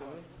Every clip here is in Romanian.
Acolo.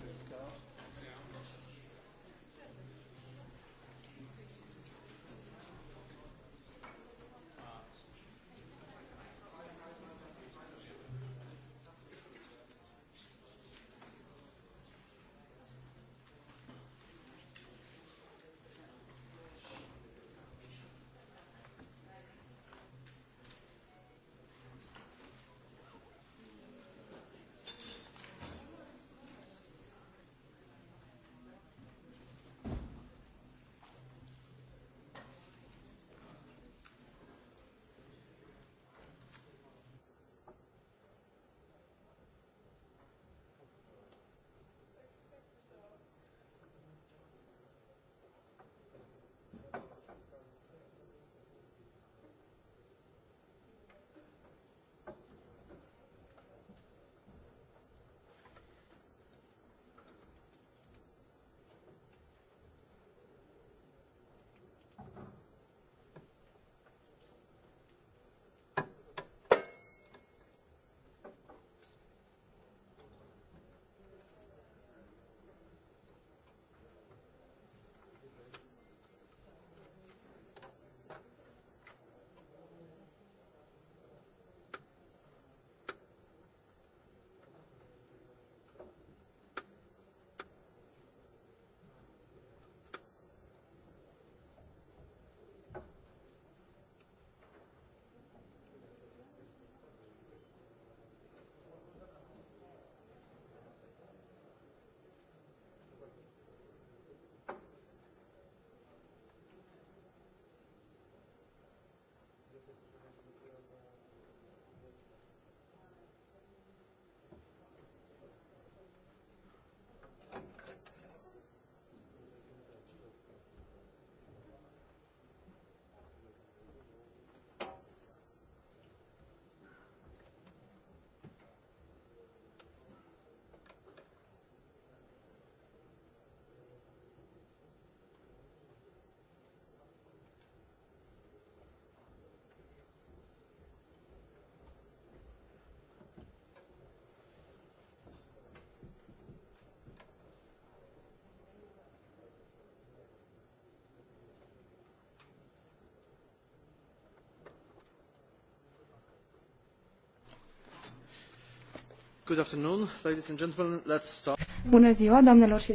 Bună ziua, și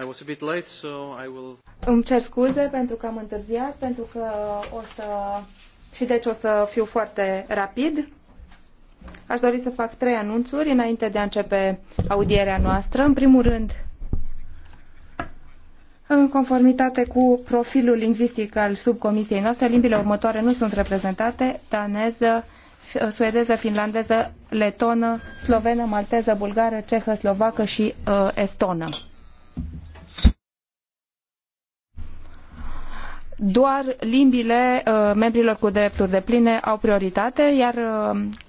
I was a bit late, so I will... Îmi cer scuze pentru că am întârziat, pentru că o să... Și deci o să fiu foarte rapid. Aș dori să fac trei anunțuri înainte de a începe audierea noastră. În primul rând, în conformitate cu profilul lingvistic al subcomisiei noastre, limbile următoare nu sunt reprezentate, daneză, Uh, suedeză, finlandeză, letonă, slovenă, malteză, bulgară, cehă, slovacă și uh, estonă. Doar limbile uh, membrilor cu drepturi de pline au prioritate, iar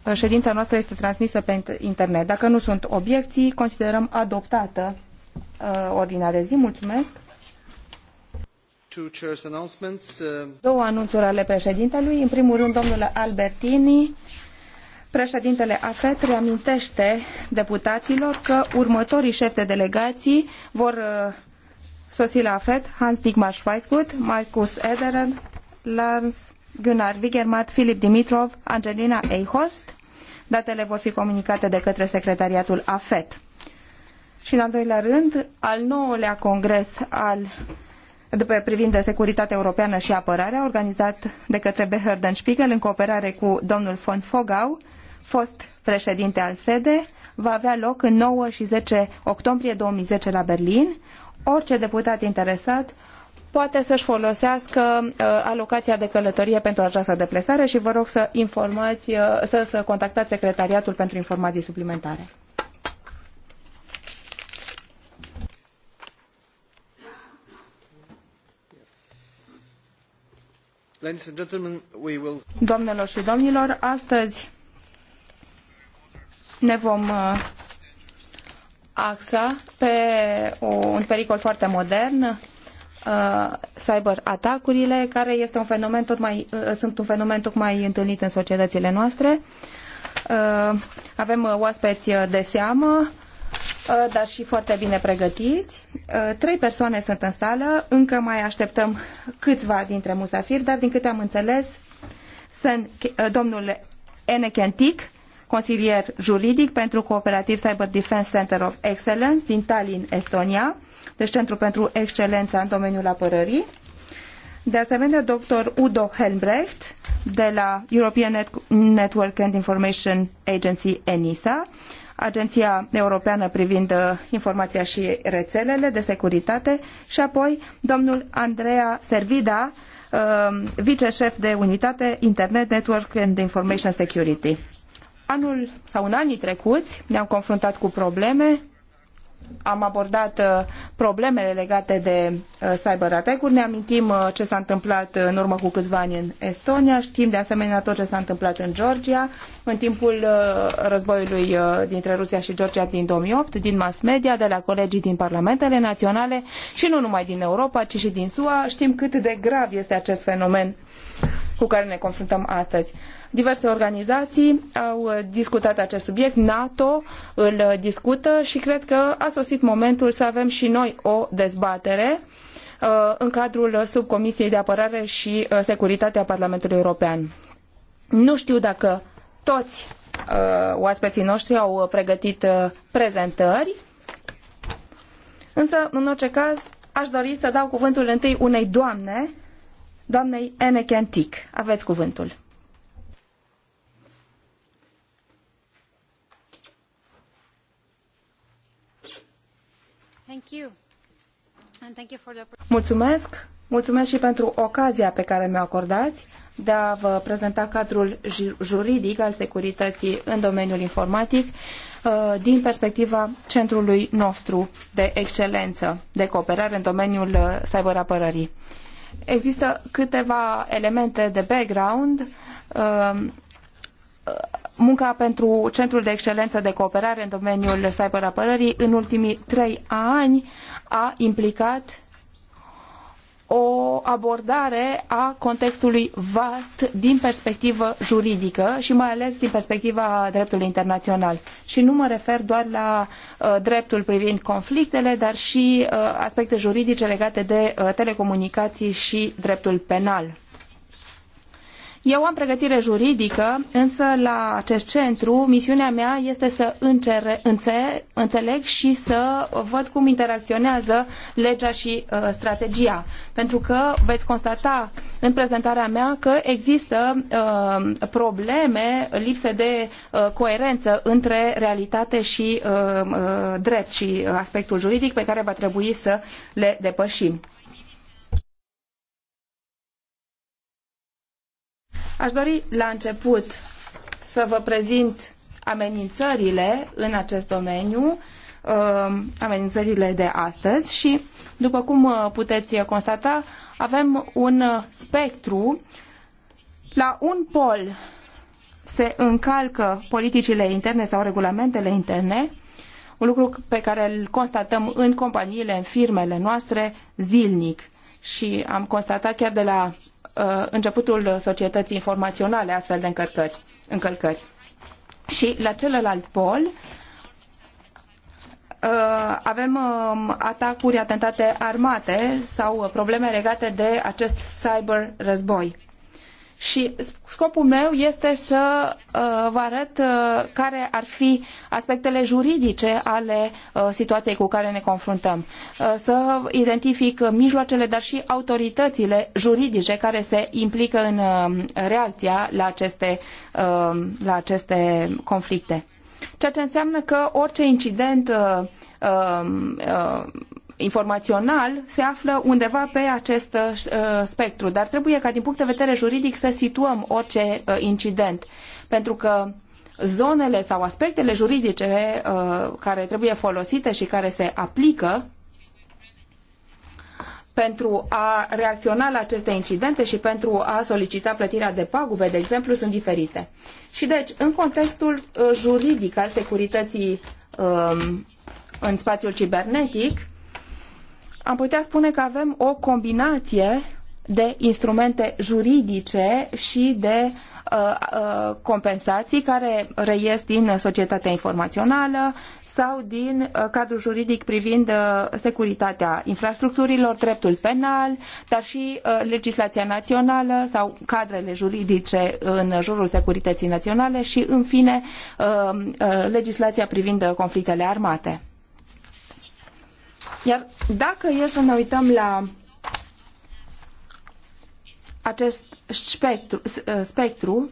uh, ședința noastră este transmisă pe internet. Dacă nu sunt obiecții, considerăm adoptată uh, ordinea de zi. Mulțumesc! Uh, Două anunțuri ale președintelui. În primul rând, domnul Albertini, președintele AFET reamintește deputaților că următorii șefi de delegații vor uh, sosi la AFET, Hans Digmar Schweisgut, Marcus Ederen, Lars Gunnar Wigermat, Filip Dimitrov, Angelina Eichhorst. Datele vor fi comunicate de către secretariatul AFET. Și în al doilea rând, al nouălea congres al după privind securitatea europeană și apărarea, organizat de către Beherden Spiegel în cooperare cu domnul von Fogau, fost președinte al SEDE, va avea loc în 9 și 10 octombrie 2010 la Berlin. Orice deputat interesat poate să-și folosească uh, alocația de călătorie pentru această deplasare și vă rog să informați, uh, să, să contactați secretariatul pentru informații suplimentare. Doamnelor și domnilor, astăzi ne vom uh, axa pe un pericol foarte modern, uh, cyber atacurile, care este un fenomen tot mai, uh, sunt un fenomen tot mai întâlnit în societățile noastre. Avem oaspeți de seamă, Uh, dar și foarte bine pregătiți. Uh, trei persoane sunt în sală, încă mai așteptăm câțiva dintre musafiri, dar din câte am înțeles, sunt uh, domnul Enekentic, consilier juridic pentru Cooperativ Cyber Defense Center of Excellence din Tallinn, Estonia, deci Centru pentru excelență în domeniul apărării de asemenea dr. Udo Helmbrecht de la European Network and Information Agency ENISA, Agenția Europeană privind uh, informația și rețelele de securitate și apoi domnul Andrea Servida, uh, viceșef de unitate Internet Network and Information Security. Anul sau în anii trecuți ne-am confruntat cu probleme am abordat uh, problemele legate de uh, cyber attack-uri. Ne amintim uh, ce s-a întâmplat în urmă cu câțiva ani în Estonia, știm de asemenea tot ce s-a întâmplat în Georgia în timpul războiului dintre Rusia și Georgia din 2008, din mass media, de la colegii din parlamentele naționale și nu numai din Europa, ci și din SUA. Știm cât de grav este acest fenomen cu care ne confruntăm astăzi. Diverse organizații au uh, discutat acest subiect, NATO îl uh, discută și cred că a sosit momentul să avem și noi o dezbatere uh, în cadrul subcomisiei de apărare și securitate a Parlamentului European. Nu știu dacă toți oaspeții noștri au pregătit prezentări, însă, în orice caz, aș dori să dau cuvântul întâi unei doamne, doamnei Eneken Aveți cuvântul. Mulțumesc! Mulțumesc și pentru ocazia pe care mi-o acordați de a vă prezenta cadrul juridic al securității în domeniul informatic uh, din perspectiva centrului nostru de excelență, de cooperare în domeniul uh, cyberapărării. Există câteva elemente de background uh, munca pentru Centrul de Excelență de Cooperare în domeniul cyberapărării în ultimii trei ani a implicat o abordare a contextului vast din perspectivă juridică și mai ales din perspectiva dreptului internațional. Și nu mă refer doar la uh, dreptul privind conflictele, dar și uh, aspecte juridice legate de uh, telecomunicații și dreptul penal. Eu am pregătire juridică, însă la acest centru misiunea mea este să încere, înțe, înțeleg și să văd cum interacționează legea și uh, strategia. Pentru că veți constata în prezentarea mea că există uh, probleme, lipse de uh, coerență între realitate și uh, uh drept și aspectul juridic pe care va trebui să le depășim. Aș dori la început să vă prezint amenințările în acest domeniu, um, amenințările de astăzi și, după cum uh, puteți constata, avem un uh, spectru. La un pol se încalcă politicile interne sau regulamentele interne, un lucru pe care îl constatăm în companiile, în firmele noastre, zilnic. Și am constatat chiar de la Uh, începutul societății informaționale astfel de încălcări, încălcări. Și la celălalt pol uh, avem um, atacuri, atentate armate sau probleme legate de acest cyber război și scopul meu este să uh, vă arăt uh, care ar fi aspectele juridice ale uh, situației cu care ne confruntăm. Să identific mijloacele, dar și autoritățile juridice care se implică în reacția la aceste, la aceste conflicte. Ceea ce înseamnă că orice incident informațional se află undeva pe acest uh, spectru, dar trebuie ca din punct de vedere juridic să situăm orice uh, incident, pentru că zonele sau aspectele juridice uh, care trebuie folosite și care se aplică pentru a reacționa la aceste incidente și pentru a solicita plătirea de pagube, de exemplu, sunt diferite. Și deci, în contextul juridic al securității um, în spațiul cibernetic, am putea spune că avem o combinație de instrumente juridice și de uh, uh, compensații care reies din societatea informațională sau din uh, cadrul juridic privind uh, securitatea infrastructurilor, dreptul penal, dar și uh, legislația națională sau cadrele juridice în jurul securității naționale și, în fine, uh, uh, legislația privind conflictele armate. Iar dacă e să ne uităm la acest spectru, uh, spectru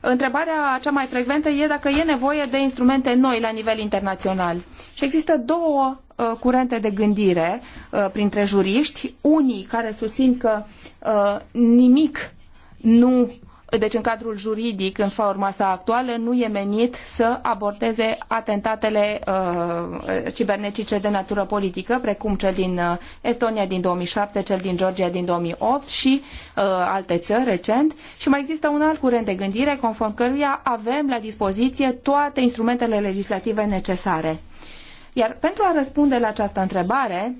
întrebarea cea mai frecventă e dacă e nevoie de instrumente noi la nivel internațional. Și există două uh, curente de gândire uh, printre juriști, unii care susțin că uh, nimic nu deci în cadrul juridic, în forma sa actuală, nu e menit să abordeze atentatele uh, cibernetice de natură politică, precum cel din uh, Estonia din 2007, cel din Georgia din 2008 și uh, alte țări recent. Și mai există un alt curent de gândire, conform căruia avem la dispoziție toate instrumentele legislative necesare. Iar pentru a răspunde la această întrebare,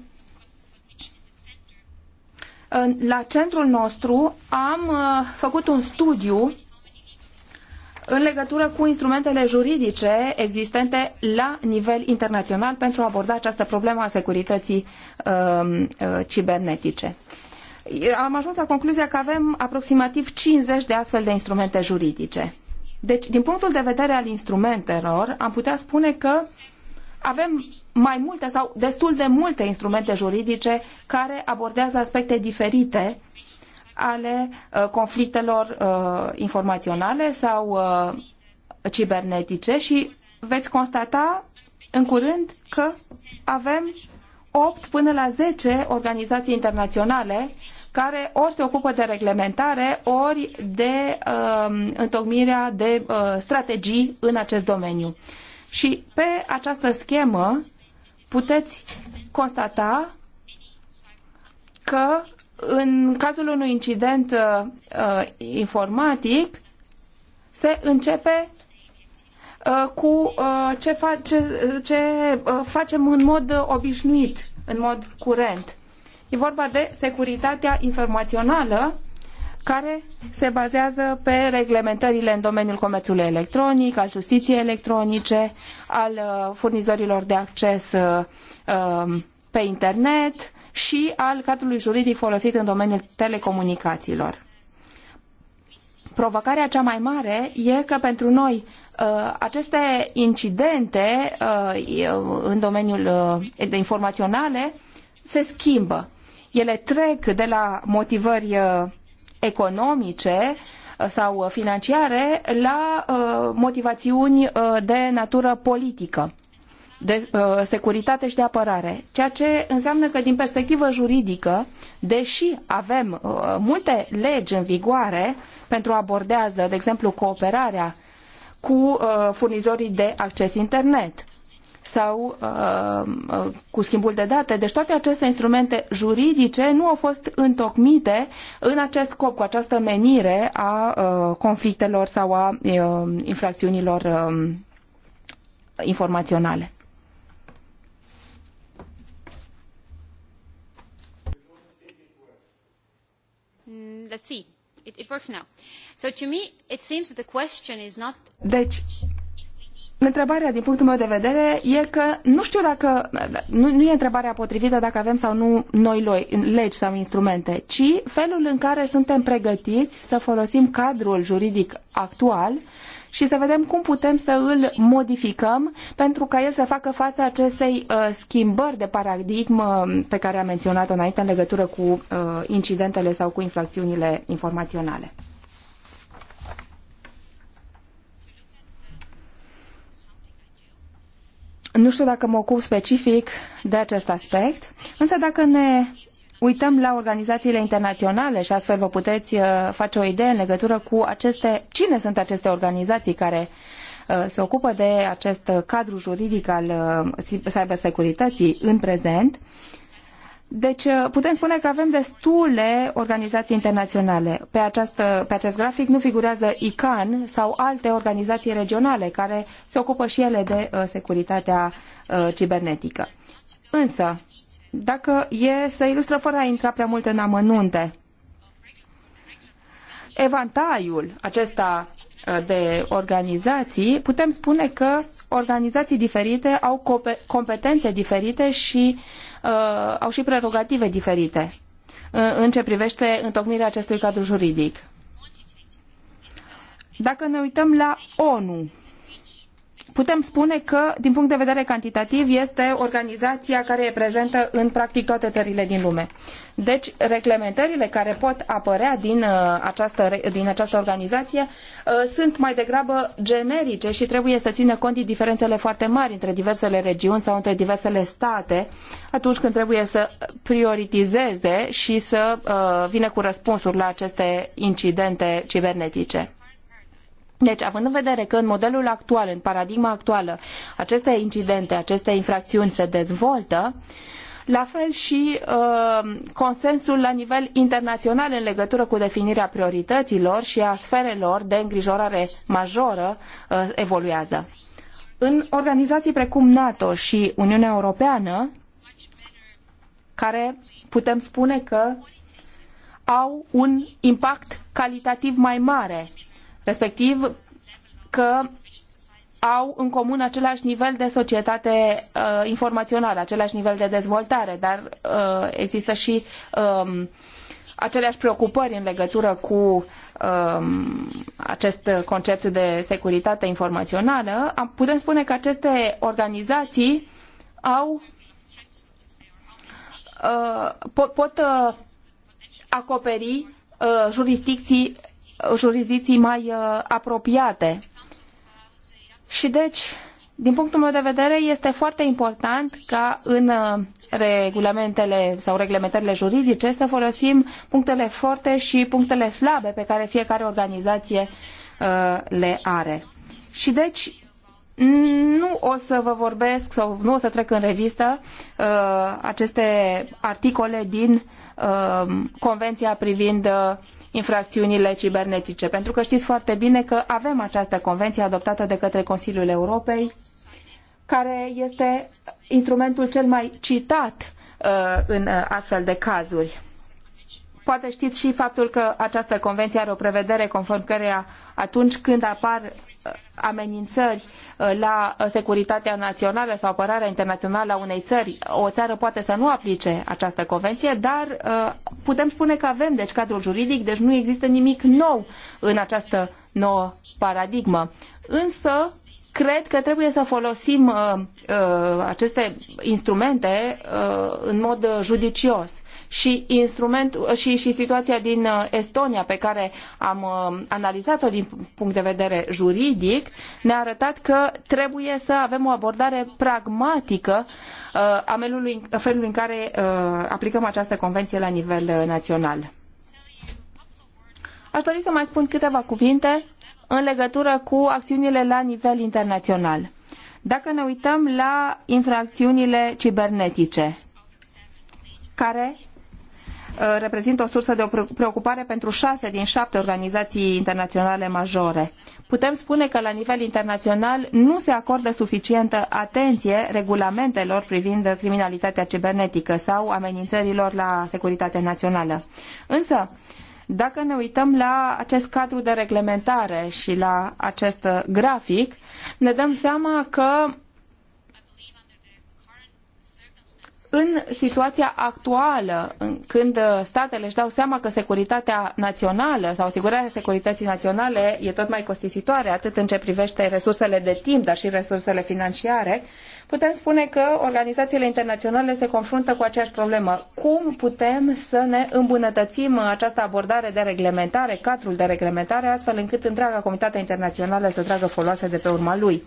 la centrul nostru am uh, făcut un studiu în legătură cu instrumentele juridice existente la nivel internațional pentru a aborda această problemă a securității um, uh, cibernetice. Am ajuns la concluzia că avem aproximativ 50 de astfel de instrumente juridice. Deci, din punctul de vedere al instrumentelor, am putea spune că avem mai multe sau destul de multe instrumente juridice care abordează aspecte diferite ale uh, conflictelor uh, informaționale sau uh, cibernetice și veți constata în curând că avem opt până la zece organizații internaționale care ori se ocupă de reglementare, ori de uh, întocmirea de uh, strategii în acest domeniu. Și pe această schemă puteți constata că în cazul unui incident uh, uh, informatic se începe uh, cu uh, ce, fa- ce, ce uh, facem în mod obișnuit, în mod curent. E vorba de securitatea informațională care se bazează pe reglementările în domeniul comerțului electronic, al justiției electronice, al uh, furnizorilor de acces uh, um, pe internet și al cadrului juridic folosit în domeniul telecomunicațiilor. Provocarea cea mai mare e că pentru noi uh, aceste incidente în domeniul informaționale se schimbă. Ele trec de la motivări economice uh, sau financiare la uh, motivațiuni uh, de natură politică de securitate și de apărare, ceea ce înseamnă că din perspectivă juridică, deși avem multe legi în vigoare pentru a abordează, de exemplu, cooperarea cu furnizorii de acces internet, sau uh, uh, cu schimbul de date. Deci toate aceste instrumente juridice nu au fost întocmite în acest scop, cu această menire a uh, conflictelor sau a uh, infracțiunilor uh, informaționale. Mm, let's see. It, it works now. So to me, it seems that the question is not... Deci, Întrebarea, din punctul meu de vedere, e că nu știu dacă, nu, nu e întrebarea potrivită dacă avem sau nu noi legi sau instrumente, ci felul în care suntem pregătiți să folosim cadrul juridic actual și să vedem cum putem să îl modificăm pentru ca el să facă față acestei uh, schimbări de paradigmă pe care am menționat-o înainte în legătură cu uh, incidentele sau cu infracțiunile informaționale. Nu știu dacă mă ocup specific de acest aspect, însă dacă ne uităm la organizațiile internaționale și astfel vă puteți uh, face o idee în legătură cu aceste, cine sunt aceste organizații care uh, se ocupă de acest cadru juridic al uh, cybersecurității în prezent deci uh, putem spune că avem destule organizații internaționale. Pe, această, pe acest grafic nu figurează ICAN sau alte organizații regionale care se ocupă și ele de uh, securitatea uh, cibernetică. Însă, dacă e să ilustră fără a intra prea mult în amănunte, evantaiul acesta Uh, de organizații, putem spune că organizații diferite au competențe diferite și uh, au și prerogative diferite uh, în ce privește întocmirea acestui cadru juridic. Dacă ne uităm la ONU, putem spune că, din punct de vedere cantitativ, este organizația care e prezentă în practic toate țările din lume. Deci, reglementările care pot apărea din uh, această, din această organizație uh, sunt mai degrabă generice și trebuie să țină cont de diferențele foarte mari între diversele regiuni sau între diversele state atunci când trebuie să prioritizeze și să uh, vină cu răspunsuri la aceste incidente cibernetice. Deci, având în vedere că în modelul actual, în paradigma actuală, aceste incidente, aceste infracțiuni se dezvoltă, la fel și uh, consensul la nivel internațional în legătură cu definirea priorităților și a sferelor de îngrijorare majoră uh, evoluează. În organizații precum NATO și Uniunea Europeană, care putem spune că au un impact calitativ mai mare respectiv că au în comun același nivel de societate uh, informațională, același nivel de dezvoltare, dar uh, există și um, aceleași preocupări în legătură cu um, acest concept de securitate informațională. Am, putem spune că aceste organizații au uh, pot, pot uh, acoperi uh, jurisdicții jurisdicții mai uh, apropiate. Și deci, din punctul meu de vedere, este foarte important ca în uh, regulamentele sau reglementările juridice să folosim punctele forte și punctele slabe pe care fiecare organizație uh, le are. Și deci, nu o să vă vorbesc sau nu o să trec în revistă uh, aceste articole din uh, Convenția privind infracțiunile cibernetice, pentru că știți foarte bine că avem această convenție adoptată de către Consiliul Europei, care este instrumentul cel mai citat uh, în uh, astfel de cazuri. Poate știți și faptul că această convenție are o prevedere conform căreia atunci când apar amenințări uh, la securitatea națională sau apărarea internațională a unei țări, o țară poate să nu aplice această convenție, dar uh, putem spune că avem deci cadrul juridic, deci nu există nimic nou în această nouă paradigmă. Însă, cred că trebuie să folosim uh, aceste instrumente în mod judicios și, instrument, și, și situația din uh, Estonia pe care am uh, analizat-o din punct de vedere juridic ne-a arătat că trebuie să avem o abordare pragmatică uh, a felului în care aplicăm această convenție la nivel național. Aș dori să mai spun câteva cuvinte în legătură cu acțiunile la nivel internațional. Dacă ne uităm la infracțiunile cibernetice, care Uh, reprezintă o sursă de o preocupare pentru șase din șapte organizații internaționale majore. Putem spune că la nivel internațional nu se acordă suficientă atenție regulamentelor privind criminalitatea cibernetică sau amenințărilor la securitatea națională. Însă, dacă ne uităm la acest cadru de reglementare și la acest grafic, ne dăm seama că în situația actuală, când uh, statele își dau seama că securitatea națională sau asigurarea securității naționale e tot mai costisitoare, atât în ce privește resursele de timp, dar și resursele financiare, putem spune că organizațiile internaționale se confruntă cu aceeași problemă. Cum putem să ne îmbunătățim această abordare de reglementare, cadrul de reglementare, astfel încât întreaga comunitate internațională să tragă foloase de pe urma lui?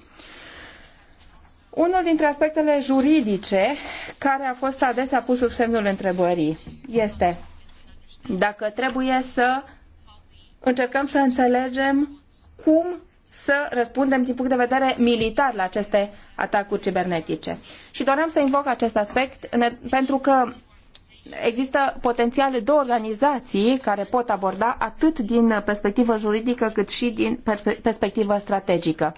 Unul dintre aspectele juridice care a fost adesea pus sub semnul întrebării este dacă trebuie să încercăm să înțelegem cum să răspundem din punct de vedere militar la aceste atacuri cibernetice. Și doream să invoc acest aspect pentru că există potențiale două organizații care pot aborda atât din perspectivă juridică cât și din perspectivă strategică.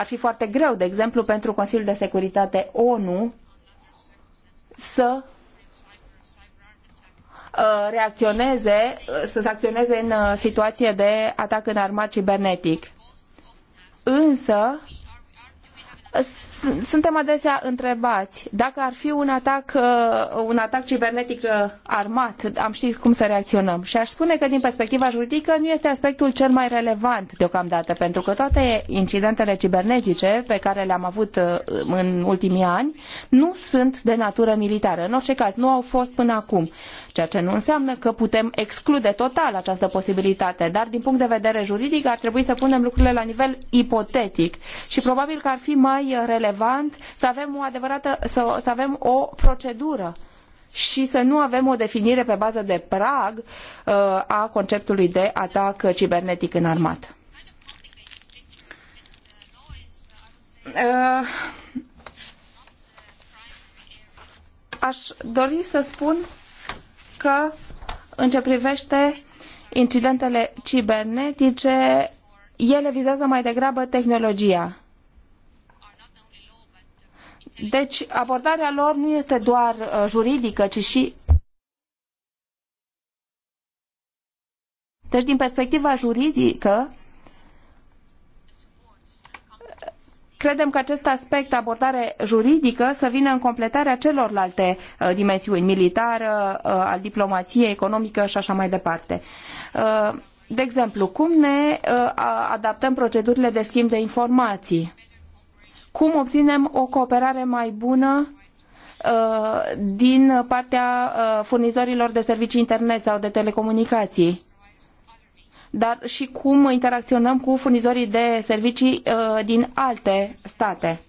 Ar fi foarte greu, de exemplu, pentru Consiliul de Securitate ONU să uh, reacționeze, să acționeze în uh, situație de atac în armat cibernetic. Însă, suntem adesea întrebați dacă ar fi un atac, uh, un atac cibernetic uh, armat, am ști cum să reacționăm. Și aș spune că din perspectiva juridică nu este aspectul cel mai relevant deocamdată, pentru că toate incidentele cibernetice pe care le-am avut uh, în ultimii ani nu sunt de natură militară. În orice caz, nu au fost până acum ceea ce nu înseamnă că putem exclude total această posibilitate, dar din punct de vedere juridic ar trebui să punem lucrurile la nivel ipotetic și probabil că ar fi mai relevant să avem o adevărată, să, să avem o procedură și să nu avem o definire pe bază de prag uh, a conceptului de atac cibernetic înarmat. Uh, aș dori să spun că în ce privește incidentele cibernetice, ele vizează mai degrabă tehnologia. Deci abordarea lor nu este doar uh, juridică, ci și Deci din perspectiva juridică, Credem că acest aspect, abordare juridică, să vină în completarea celorlalte uh, dimensiuni, militară, uh, al diplomației economică și așa mai departe. Uh, de exemplu, cum ne adaptăm procedurile de schimb de informații? Cum obținem o cooperare mai bună din partea furnizorilor de servicii internet sau de telecomunicații? dar și cum interacționăm cu furnizorii de servicii uh, din alte state.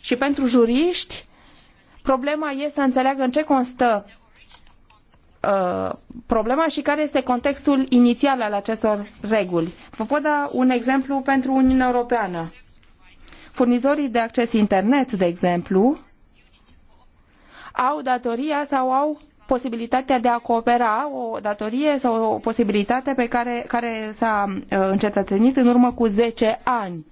Și pentru juriști, problema este să înțeleagă în ce constă uh, problema și care este contextul inițial al acestor reguli. Vă pot da un exemplu pentru Uniunea Europeană. Furnizorii de acces internet, de exemplu, au datoria sau au posibilitatea de a coopera, o datorie sau o posibilitate pe care, care s-a uh, încetățenit în urmă cu zece ani.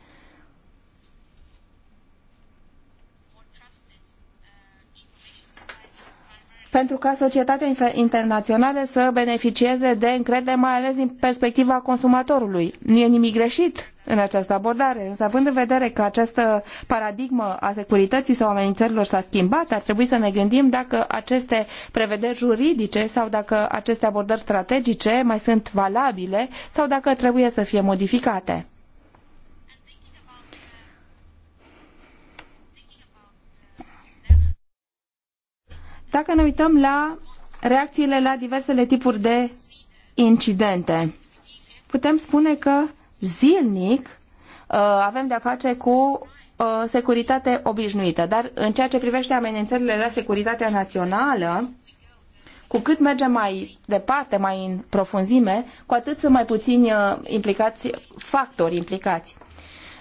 pentru ca societatea internațională să beneficieze de încredere, mai ales din perspectiva consumatorului. Nu e nimic greșit în această abordare, însă având în vedere că această paradigmă a securității sau amenințărilor s-a schimbat, ar trebui să ne gândim dacă aceste prevederi juridice sau dacă aceste abordări strategice mai sunt valabile sau dacă trebuie să fie modificate. Dacă ne uităm la reacțiile la diversele tipuri de incidente, putem spune că zilnic uh, avem de-a face cu uh, securitate obișnuită, dar în ceea ce privește amenințările la securitatea națională, cu cât mergem mai departe, mai în profunzime, cu atât sunt mai puțini uh, implicați, factori implicați.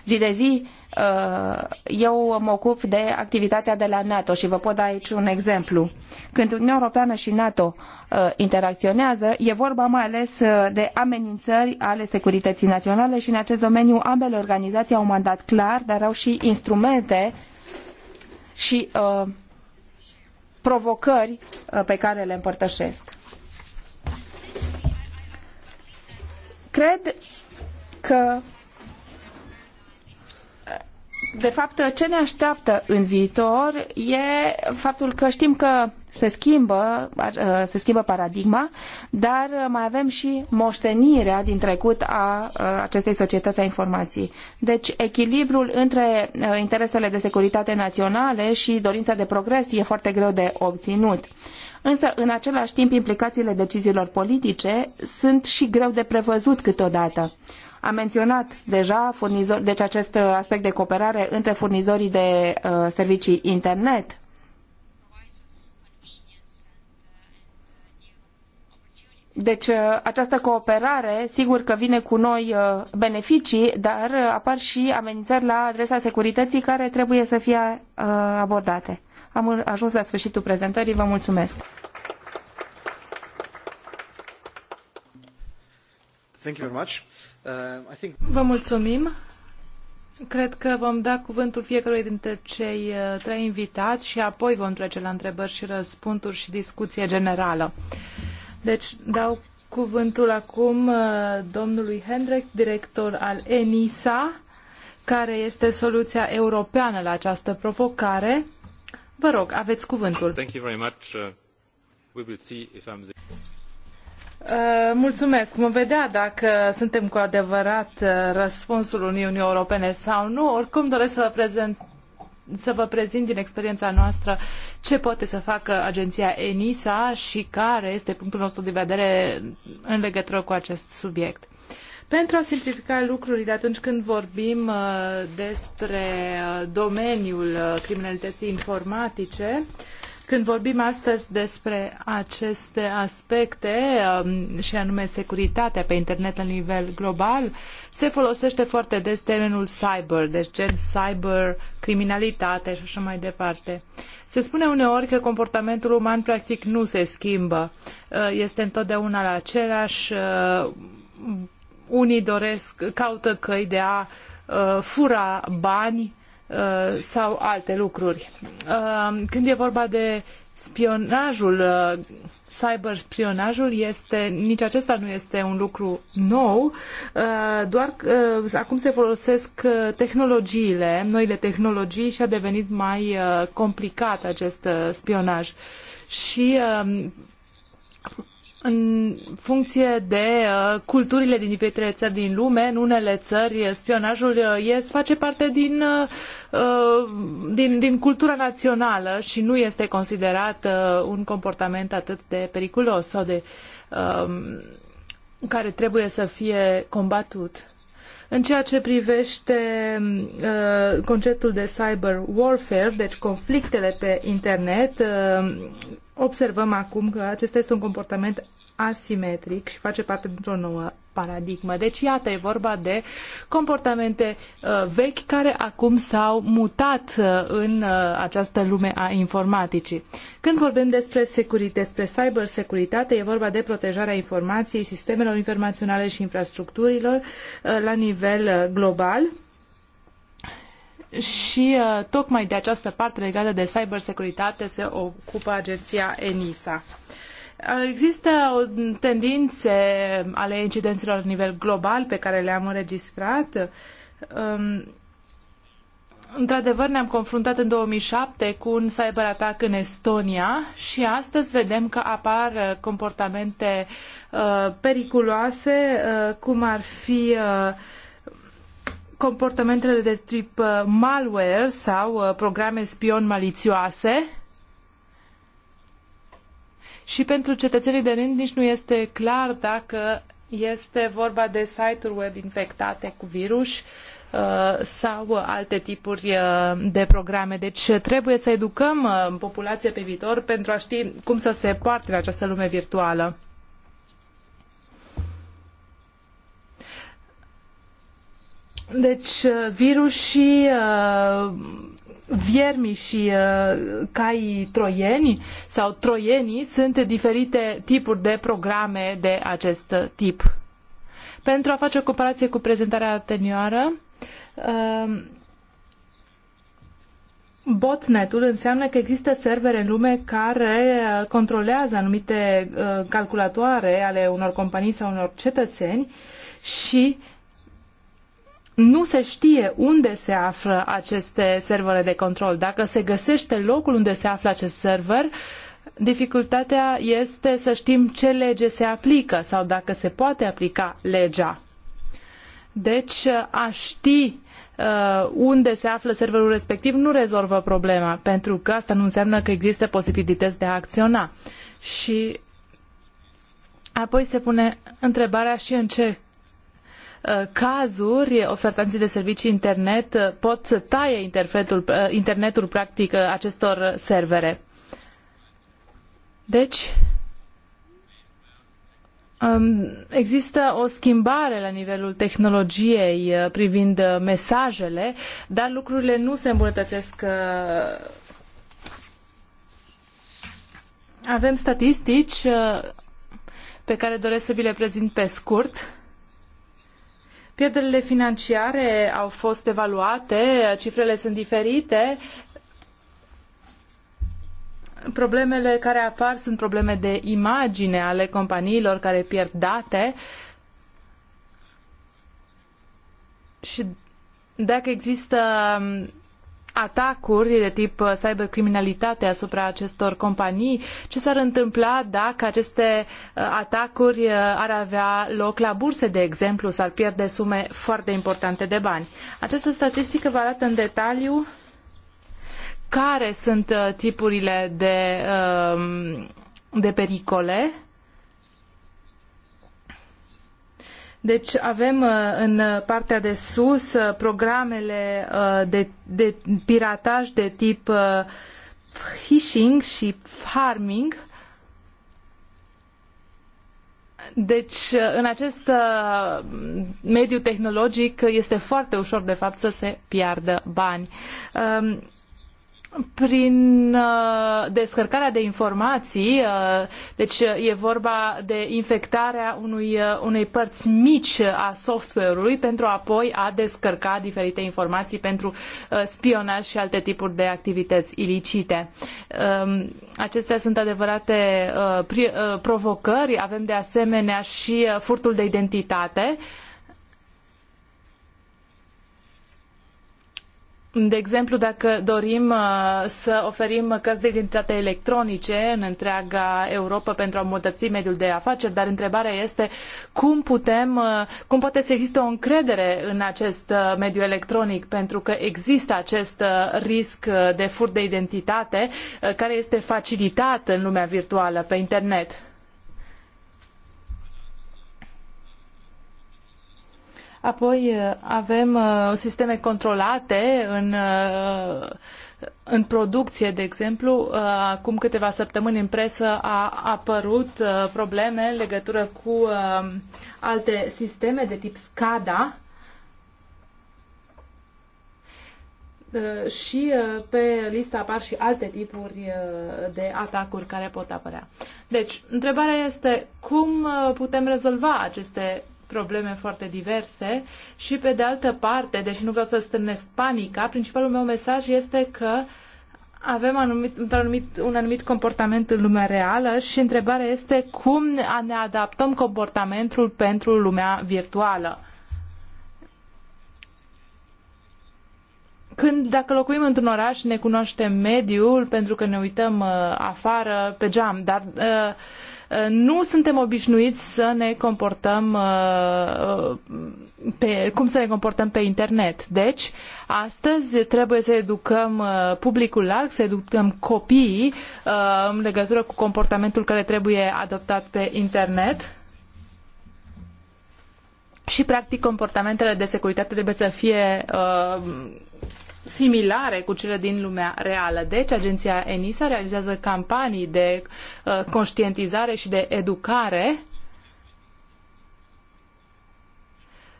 Zi de zi Uh, eu mă ocup de activitatea de la NATO și vă pot da aici un exemplu. Când Uniunea Europeană și NATO uh, interacționează, e vorba mai ales uh, de amenințări ale securității naționale și în acest domeniu ambele organizații au un mandat clar, dar au și instrumente și provocări pe care le împărtășesc. Cred că de fapt, ce ne așteaptă în viitor e faptul că știm că se schimbă, uh, se schimbă paradigma, dar mai avem și moștenirea din trecut a uh, acestei societăți a informației. Deci, echilibrul între uh, interesele de securitate naționale și dorința de progres e foarte greu de obținut. Însă, în același timp, implicațiile deciziilor politice sunt și greu de prevăzut câteodată. Am menționat deja furnizor, deci acest uh, aspect de cooperare între furnizorii de uh, servicii internet. Deci uh, această cooperare sigur că vine cu noi uh, beneficii, dar apar și amenințări la adresa securității care trebuie să fie abordate. Am ajuns la sfârșitul prezentării, vă mulțumesc. Thank you very much. Uh, Vă mulțumim. Cred că vom da cuvântul fiecărui dintre cei uh, trei invitați și apoi vom trece la întrebări și răspunsuri și discuție generală. Deci dau cuvântul acum uh, domnului Hendrik, director al ENISA, care este soluția europeană la această provocare. Vă rog, aveți cuvântul. Uh, mulțumesc. Vom vedea dacă suntem cu adevărat uh, răspunsul Uniunii Europene sau nu. Oricum doresc să vă prezent să vă prezint din experiența noastră ce poate să facă agenția ENISA și care este punctul nostru de vedere în legătură cu acest subiect. Pentru a simplifica lucrurile atunci când vorbim uh, despre domeniul criminalității informatice, uh, când vorbim astăzi despre aceste aspecte, um, și anume securitatea pe internet la nivel global, se folosește foarte des termenul cyber, deci gen cyber, criminalitate și așa mai departe. Se spune uneori că comportamentul uman practic nu se schimbă, uh, este întotdeauna la același, uh, unii doresc, caută căi de a uh, fura bani, Uh, sau alte lucruri. Uh, când e vorba de spionajul, uh, cyberspionajul este, nici acesta nu este un lucru nou, doar că acum se folosesc tehnologiile, noile tehnologii și a devenit mai complicat acest spionaj. Și um, în funcție de uh, culturile din diferitele țări din lume, în unele țări uh, spionajul uh, este, face parte din, din, din cultura națională și nu este considerat un comportament atât de periculos sau de um, care trebuie să fie combatut. În ceea ce privește uh, conceptul de cyber warfare, deci conflictele pe internet, uh, observăm acum că acesta este un comportament asimetric și face parte dintr-o nouă paradigmă. Deci, iată, e vorba de comportamente uh, vechi care acum s-au mutat uh, în uh, această lume a informaticii. Când vorbim despre securitate, despre cybersecuritate, e vorba de protejarea informației, sistemelor informaționale și infrastructurilor uh, la nivel uh, global. Și uh, tocmai de această parte legată de cybersecuritate se ocupă agenția ENISA. Uh, Există o tendințe ale incidenților la nivel global pe care le-am înregistrat. Um, într-adevăr, ne-am confruntat în 2007 cu un cyberatac în Estonia și astăzi vedem că apar uh, comportamente uh, periculoase, uh, cum ar fi comportamentele de tip malware sau programe spion malițioase și pentru cetățenii de rând nici nu este clar dacă este vorba de site-uri web infectate cu virus uh, sau alte tipuri uh, de programe. Deci uh, trebuie să educăm populația pe viitor pentru a ști cum să se poarte în această lume virtuală. Deci virusii viermii și uh, caii troieni sau troienii sunt diferite tipuri de programe de acest tip. Pentru a face o comparație cu prezentarea anterioară, um, Botnetul înseamnă că există servere în lume care uh, controlează anumite uh, calculatoare ale unor companii sau unor cetățeni și nu se știe unde se află aceste servere de control. Dacă se găsește locul unde se află acest server, dificultatea este să știm ce lege se aplică sau dacă se poate aplica legea. Deci, a ști uh, unde se află serverul respectiv nu rezolvă problema, pentru că asta nu înseamnă că există posibilități de a acționa. Și apoi se pune întrebarea și în ce Uh, cazuri, ofertanții de servicii internet uh, pot să taie internetul, uh, internetul practic acestor servere. Deci, um, Există o schimbare la nivelul tehnologiei privind mesajele, dar lucrurile nu se îmbunătățesc. Avem statistici pe care doresc să vi le prezint pe scurt. Pierderile financiare au fost evaluate, cifrele sunt diferite. Problemele care apar sunt probleme de imagine ale companiilor care pierd date și dacă există atacuri de tip uh, cybercriminalitate asupra acestor companii, ce s-ar întâmpla dacă aceste uh, atacuri uh, ar avea loc la burse, de exemplu, s-ar pierde sume foarte importante de bani. Această statistică vă arată în detaliu care sunt tipurile de, de pericole Deci avem uh, în partea de sus uh, programele uh, de, de pirataj de tip phishing și farming. Deci, în acest mediu tehnologic este foarte ușor, de fapt, să se piardă bani. Um, prin uh, descărcarea de informații, uh, deci uh, e vorba de infectarea unui, unei părți mici a software-ului pentru apoi a descărca diferite informații pentru spionaj și alte tipuri de activități ilicite. Um, acestea sunt adevărate provocări, avem de asemenea și furtul de identitate, uh, De exemplu, dacă dorim uh, să oferim cărți de identitate electronice în întreaga Europa pentru a îmbunătăți mediul de afaceri, dar întrebarea este cum putem, uh, cum poate să existe o încredere în acest uh, mediu electronic, pentru că există acest risc de furt de identitate care este facilitat în lumea virtuală, pe internet. Apoi uh, avem uh, sisteme controlate în, uh, în producție, de exemplu. Acum câteva săptămâni în presă a apărut probleme în legătură cu alte sisteme de tip SCADA, și pe listă apar și alte tipuri de atacuri care pot apărea. Deci, întrebarea este cum putem rezolva aceste probleme foarte diverse și, pe de altă parte, deși nu vreau să stârnesc panica, principalul meu mesaj este că avem anumit, un, anumit, un anumit comportament în lumea reală și întrebarea este cum ne adaptăm comportamentul pentru lumea virtuală. când, dacă locuim într-un oraș, ne cunoaștem mediul pentru că ne uităm uh, afară pe geam, dar uh, nu suntem obișnuiți să ne comportăm uh, pe, cum să ne comportăm pe internet. Deci, astăzi trebuie să educăm uh, publicul larg, să educăm copiii uh, în legătură cu comportamentul care trebuie adoptat pe internet și practic comportamentele de securitate trebuie să fie uh, similare cu cele din lumea reală. Deci, agenția ENISA realizează campanii de uh, conștientizare și de educare.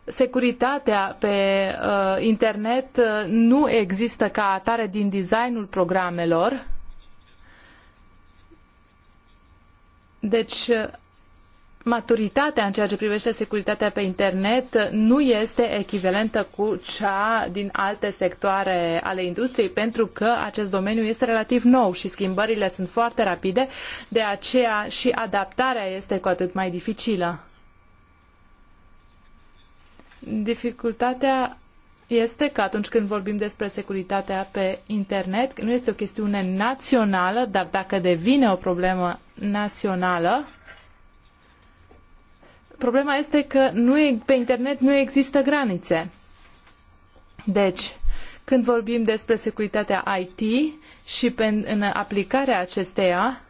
Securitatea pe uh, internet uh, nu există ca atare din designul programelor. Deci, maturitatea în ceea ce privește securitatea pe internet nu este echivalentă cu cea din alte sectoare ale industriei, pentru că acest domeniu este relativ nou și schimbările sunt foarte rapide, de aceea și adaptarea este cu atât mai dificilă. Dificultatea este că atunci când vorbim despre securitatea pe internet, nu este o chestiune națională, dar dacă devine o problemă națională, Problema este că nu e, pe internet nu există granițe. Deci, când vorbim despre securitatea IT și pe, în aplicarea acesteia,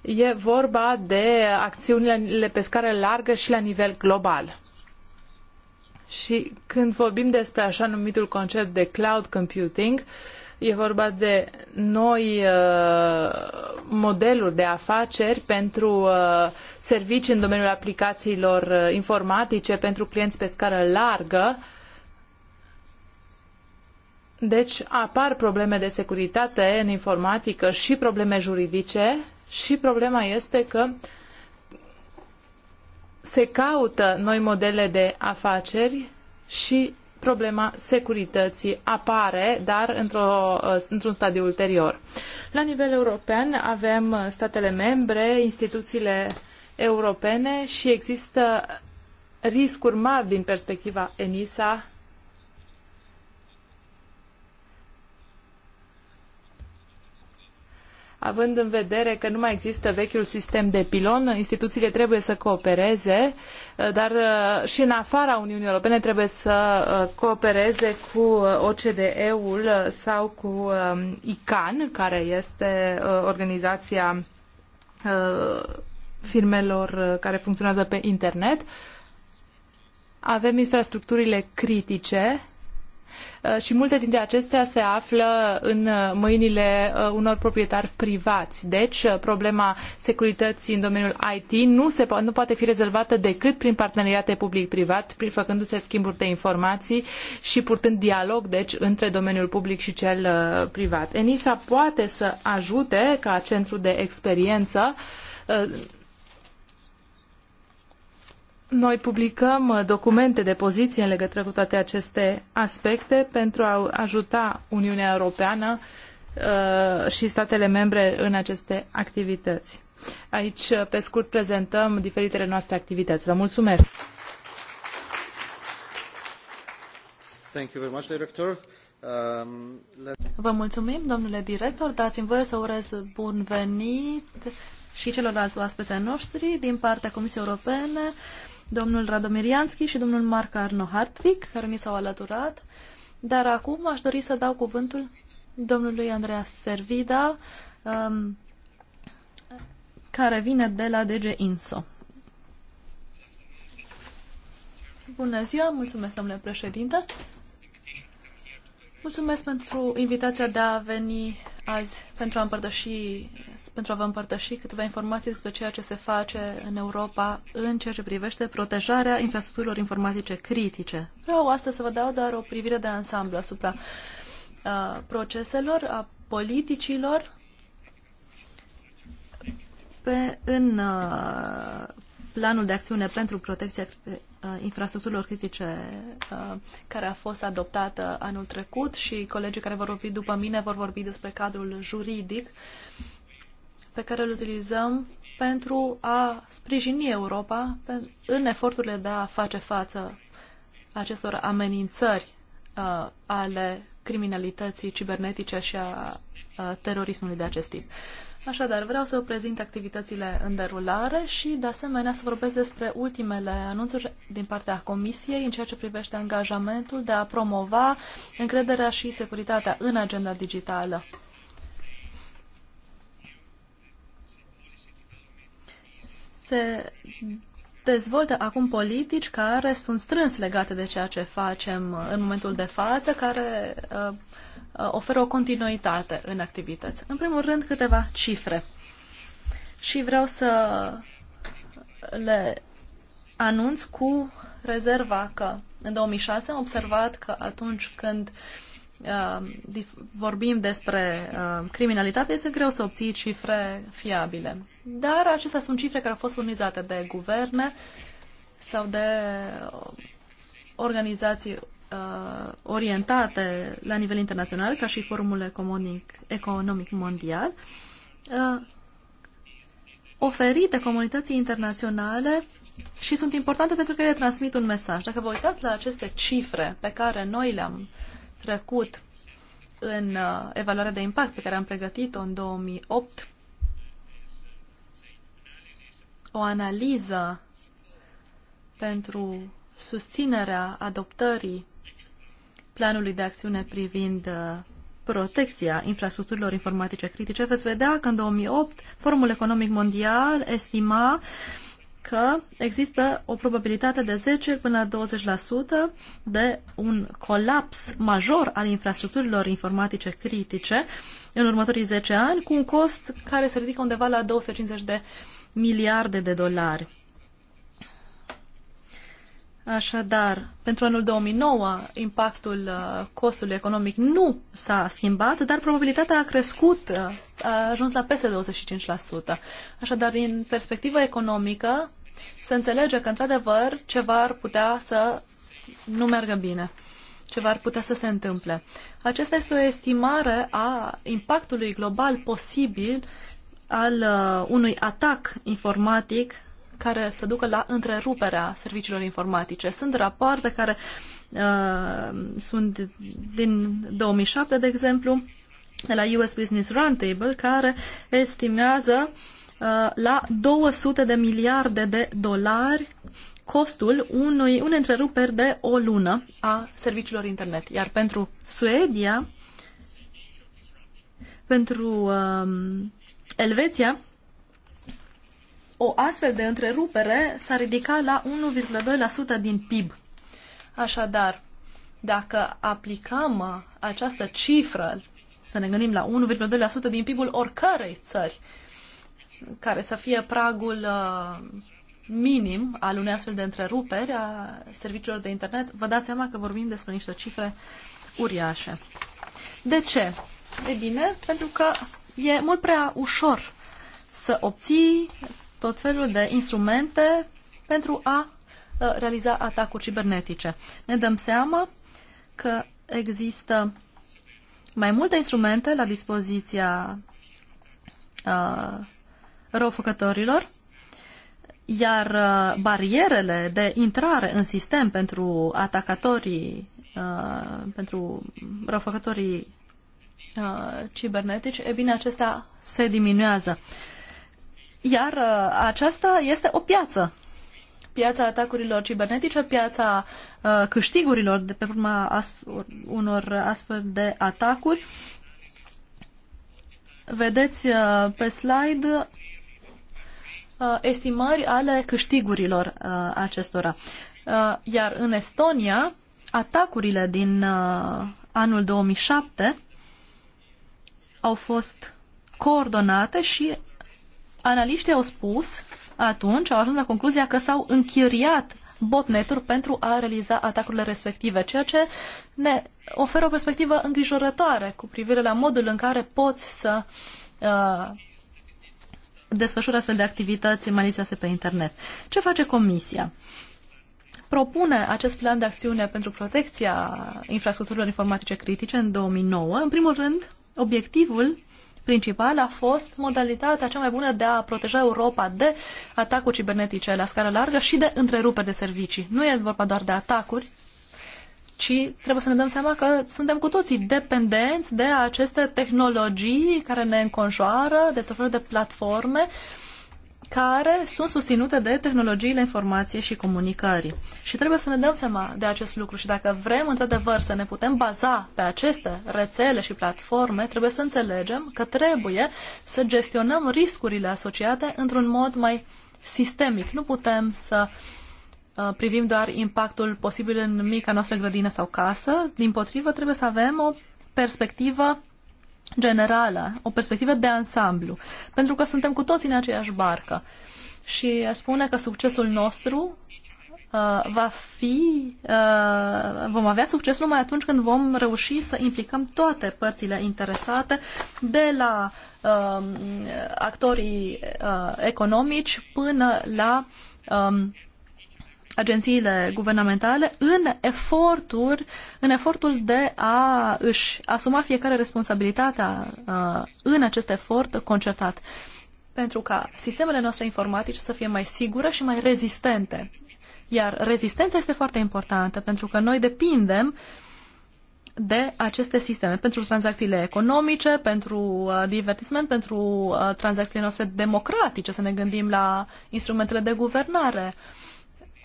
e vorba de acțiunile pe scară largă și la nivel global. Și când vorbim despre așa numitul concept de cloud computing, uh, E vorba de noi uh, modeluri de afaceri pentru uh, servicii în domeniul aplicațiilor uh, informatice pentru clienți pe scară largă. Deci apar probleme de securitate în informatică și probleme juridice și problema este că se caută noi modele de afaceri și problema securității apare, dar într-o, uh, într-un stadiu ulterior. La nivel european avem uh, statele membre, instituțiile europene și există riscuri mari din perspectiva ENISA Având în vedere că nu mai există vechiul sistem de pilon, instituțiile trebuie să coopereze, uh, dar uh, și în afara Uniunii Europene trebuie să uh, coopereze cu OCDE-ul sau cu um, ICAN, care este organizația firmelor care funcționează pe internet. Avem infrastructurile critice Uh, și multe dintre acestea se află în uh, mâinile uh, unor proprietari privați. Deci, problema securității în domeniul IT nu, se, nu poate fi rezolvată decât prin parteneriate public-privat, prin făcându-se schimburi de informații și purtând dialog, deci, între domeniul public și cel privat. ENISA poate să ajute ca centru de experiență noi publicăm uh, documente de poziție în legătură cu toate aceste aspecte pentru a ajuta Uniunea Europeană uh, și statele membre în aceste activități. Aici, uh, pe scurt, prezentăm diferitele noastre activități. Vă mulțumesc! Um, Vă mulțumim, domnule director. Dați-mi voie să urez bun venit și celorlalți oaspeți noștri din partea Comisiei Europene domnul Radomirianski și domnul Marc Arno Hartwig, care mi s-au alăturat. Dar acum aș dori să dau cuvântul domnului Andreea Servida, um, care vine de la DG INSO. Bună ziua, mulțumesc, domnule președinte. Mulțumesc pentru invitația de a veni azi pentru a, împărtăși, pentru a vă împărtăși câteva informații despre ceea ce se face în Europa în ceea ce privește protejarea infrastructurilor informatice critice. Vreau astăzi să vă dau doar o privire de ansamblu asupra a, uh, proceselor, a politicilor pe, în a, uh, planul de acțiune pentru protecția uh, infrastructurilor critice uh, care a fost adoptată uh, anul trecut și colegii care vor vorbi după mine vor vorbi despre cadrul juridic pe care îl utilizăm pentru a sprijini Europa în eforturile de a face față acestor amenințări ale criminalității cibernetice și a terorismului de acest tip. Așadar, vreau să vă prezint activitățile în derulare și, de asemenea, să vorbesc despre ultimele anunțuri din partea Comisiei în ceea ce privește angajamentul de a promova încrederea și securitatea în agenda digitală. Se dezvoltă acum politici care sunt strâns legate de ceea ce facem în momentul de față, care uh, Uh, oferă o continuitate în activități. În primul rând, câteva cifre. Și vreau să le anunț cu rezerva că în 2006 am observat că atunci când uh, vorbim despre uh, criminalitate, este greu să obții cifre fiabile. Dar acestea sunt cifre care au fost furnizate de guverne sau de uh, organizații uh, orientate la nivel internațional, ca și Forumul Economic, Economic Mondial, uh, oferite comunității internaționale și sunt importante pentru că ele transmit un mesaj. Dacă vă uitați la aceste cifre pe care noi le-am trecut în uh, evaluarea de impact pe care am pregătit-o în 2008, o analiză pentru susținerea adoptării planului de acțiune privind uh, protecția infrastructurilor informatice critice, veți vedea că în 2008 Forumul Economic Mondial estima că există o probabilitate de 10 până la 20% de un colaps major al infrastructurilor informatice critice în următorii 10 ani, cu un cost care se ridică undeva la 250 de miliarde de dolari. Așadar, pentru anul 2009, impactul uh, costului economic nu s-a schimbat, dar probabilitatea a crescut, uh, a ajuns la peste 25%. Așadar, din perspectivă economică, se înțelege că, într-adevăr, ceva ar putea să nu meargă bine, ceva ar putea să se întâmple. Acesta este o estimare a impactului global posibil al uh, unui atac informatic care să ducă la întreruperea serviciilor informatice. Sunt rapoarte care uh, sunt din 2007, de exemplu, de la US Business Roundtable, care estimează uh, la 200 de miliarde de dolari costul unui, unei întreruperi de o lună a serviciilor internet. Iar pentru Suedia, pentru um, Elveția, o astfel de întrerupere s-ar ridica la 1,2% din PIB. Așadar, dacă aplicăm uh, această cifră, să ne gândim la 1,2% din PIB-ul oricărei țări, care să fie pragul uh, minim al unei astfel de întreruperi a serviciilor de internet, vă dați seama că vorbim despre niște cifre uriașe. De ce? E bine, pentru că e mult prea ușor să obții tot felul de instrumente pentru a uh, realiza atacuri cibernetice. Ne dăm seama că există mai multe instrumente la dispoziția uh, răufăcătorilor, iar uh, barierele de intrare în sistem pentru atacatorii, pentru răufăcătorii cibernetici, e bine, acestea se diminuează. Iar uh, aceasta este o piață. Piața atacurilor cibernetice, piața uh, câștigurilor de pe urma asf- unor astfel de atacuri. Vedeți uh, pe slide uh, estimări ale câștigurilor uh, acestora. Uh, iar în Estonia, atacurile din uh, anul 2007 au fost coordonate și Analiștii au spus atunci, au ajuns la concluzia că s-au închiriat botneturi pentru a realiza atacurile respective, ceea ce ne oferă o perspectivă îngrijorătoare cu privire la modul în care poți să uh, desfășuri astfel de activități malițioase pe internet. Ce face Comisia? propune acest plan de acțiune pentru protecția infrastructurilor informatice critice în 2009. În primul rând, obiectivul principal a fost modalitatea cea mai bună de a proteja Europa de atacuri cibernetice la scară largă și de întreruperi de servicii. Nu e vorba doar de atacuri, ci trebuie să ne dăm seama că suntem cu toții dependenți de aceste tehnologii care ne înconjoară, de tot felul de platforme uh, care sunt susținute de tehnologiile informației și comunicării. Și trebuie să ne dăm seama de acest lucru și dacă vrem într-adevăr să ne putem baza pe aceste rețele și platforme, trebuie să înțelegem că trebuie să gestionăm riscurile asociate într-un mod mai sistemic. Nu putem să uh, privim doar impactul posibil în mica noastră grădină sau casă, din potrivă trebuie să avem o perspectivă generală, o perspectivă de ansamblu, pentru că suntem cu toții în aceeași barcă. Și spune că succesul nostru uh, va fi, uh, vom avea succes numai atunci când vom reuși să implicăm toate părțile interesate, de la uh, actorii uh, economici până la um, agențiile guvernamentale în, eforturi, în efortul de a își asuma fiecare responsabilitatea uh, în acest efort concertat. Pentru ca sistemele noastre informatice să fie mai sigure și mai rezistente. Iar rezistența este foarte importantă pentru că noi depindem de aceste sisteme pentru tranzacțiile economice, pentru uh, divertisment, pentru uh, tranzacțiile noastre democratice, să ne gândim la instrumentele de guvernare. Uh,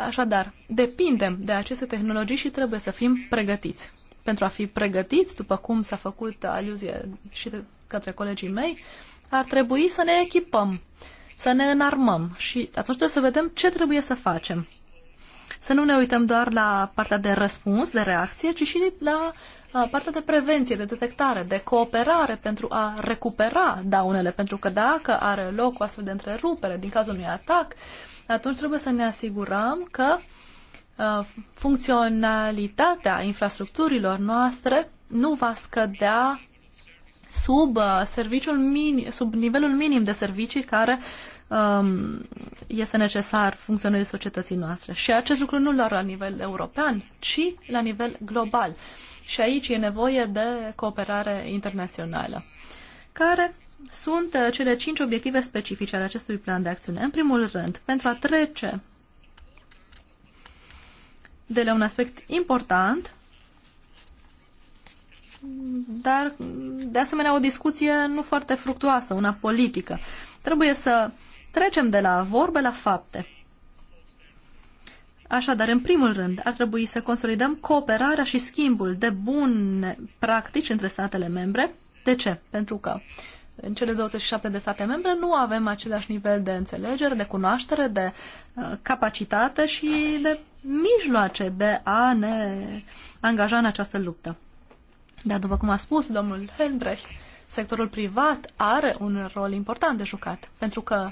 Așadar, depindem de aceste tehnologii și trebuie să fim pregătiți. Pentru a fi pregătiți, după cum s-a făcut aluzie și de către colegii mei, ar trebui să ne echipăm, să ne înarmăm și atunci trebuie să vedem ce trebuie să facem. Să nu ne uităm doar la partea de răspuns, de reacție, ci și la partea de prevenție, de detectare, de cooperare pentru a recupera daunele, pentru că dacă are loc o astfel de întrerupere din cazul unui atac, uh, atunci trebuie să ne asigurăm că uh, funcționalitatea infrastructurilor noastre nu va scădea sub uh, serviciul minim, sub nivelul minim de servicii care um, este necesar funcționării societății noastre. Și acest lucru nu doar la nivel european, ci la nivel global. Și aici e nevoie de cooperare internațională, care sunt uh, cele cinci obiective specifice ale acestui plan de acțiune. În primul rând, pentru a trece de la un aspect important, dar de asemenea o discuție nu foarte fructuoasă, una politică. Trebuie să trecem de la vorbe la fapte. Așadar, în primul rând, ar trebui să consolidăm cooperarea și schimbul de bune practici între statele membre. De ce? Pentru că uh, în cele 27 de state membre nu avem același nivel de înțelegere, de cunoaștere, de uh, capacitate și de mijloace de a ne angaja în această luptă. Dar după cum a spus domnul Hendrecht, sectorul privat are un rol important de jucat, pentru că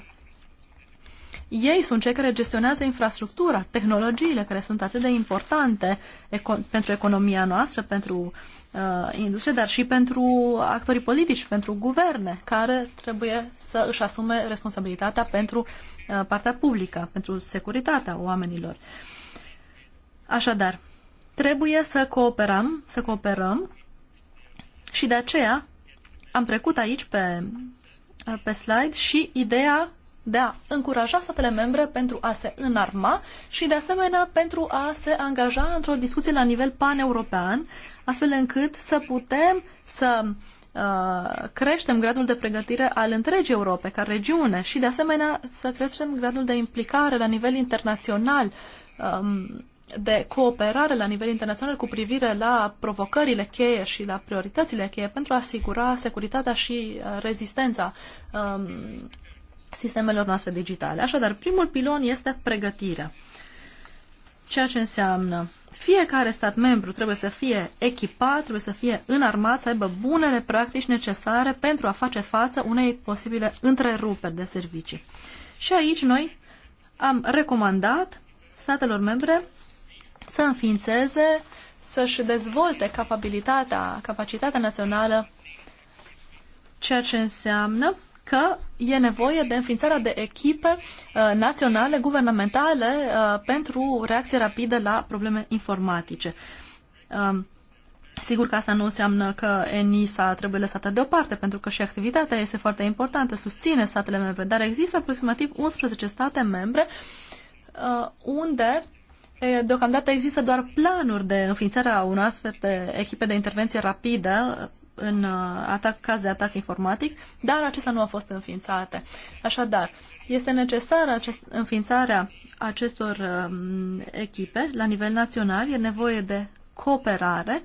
ei sunt cei care gestionează infrastructura, tehnologiile care sunt atât de importante eco- pentru economia noastră, pentru uh, industrie, dar și pentru actorii politici, pentru guverne, care trebuie să își asume responsabilitatea pentru uh, partea publică, pentru securitatea oamenilor. Așadar, trebuie să cooperăm, să cooperăm și de aceea am trecut aici pe, uh, pe slide și ideea de a încuraja statele membre pentru a se înarma și, de asemenea, pentru a se angaja într-o discuție la nivel paneuropean, astfel încât să putem să uh, creștem gradul de pregătire al întregii Europe ca regiune și, de asemenea, să creștem gradul de implicare la nivel internațional, um, de cooperare la nivel internațional cu privire la provocările cheie și la prioritățile cheie pentru a asigura securitatea și uh, rezistența um, sistemelor noastre digitale. Așadar, primul pilon este pregătirea. Ceea ce înseamnă fiecare stat membru trebuie să fie echipat, trebuie să fie înarmat, să aibă bunele practici necesare pentru a face față unei posibile întreruperi de servicii. Și aici noi am recomandat statelor membre să înființeze, să-și dezvolte capabilitatea, capacitatea națională, ceea ce înseamnă că e nevoie de înființarea de echipe uh, naționale, guvernamentale, uh, pentru reacție rapidă la probleme informatice. Um, sigur că asta nu înseamnă că ENISA trebuie lăsată deoparte, pentru că și activitatea este foarte importantă, susține statele membre, dar există aproximativ 11 state membre uh, unde deocamdată există doar planuri de înființarea unor astfel de echipe de intervenție rapidă în uh, atac, caz de atac informatic, dar acestea nu au fost înființate. Așadar, este necesară acest, înființarea acestor um, echipe la nivel național, e nevoie de cooperare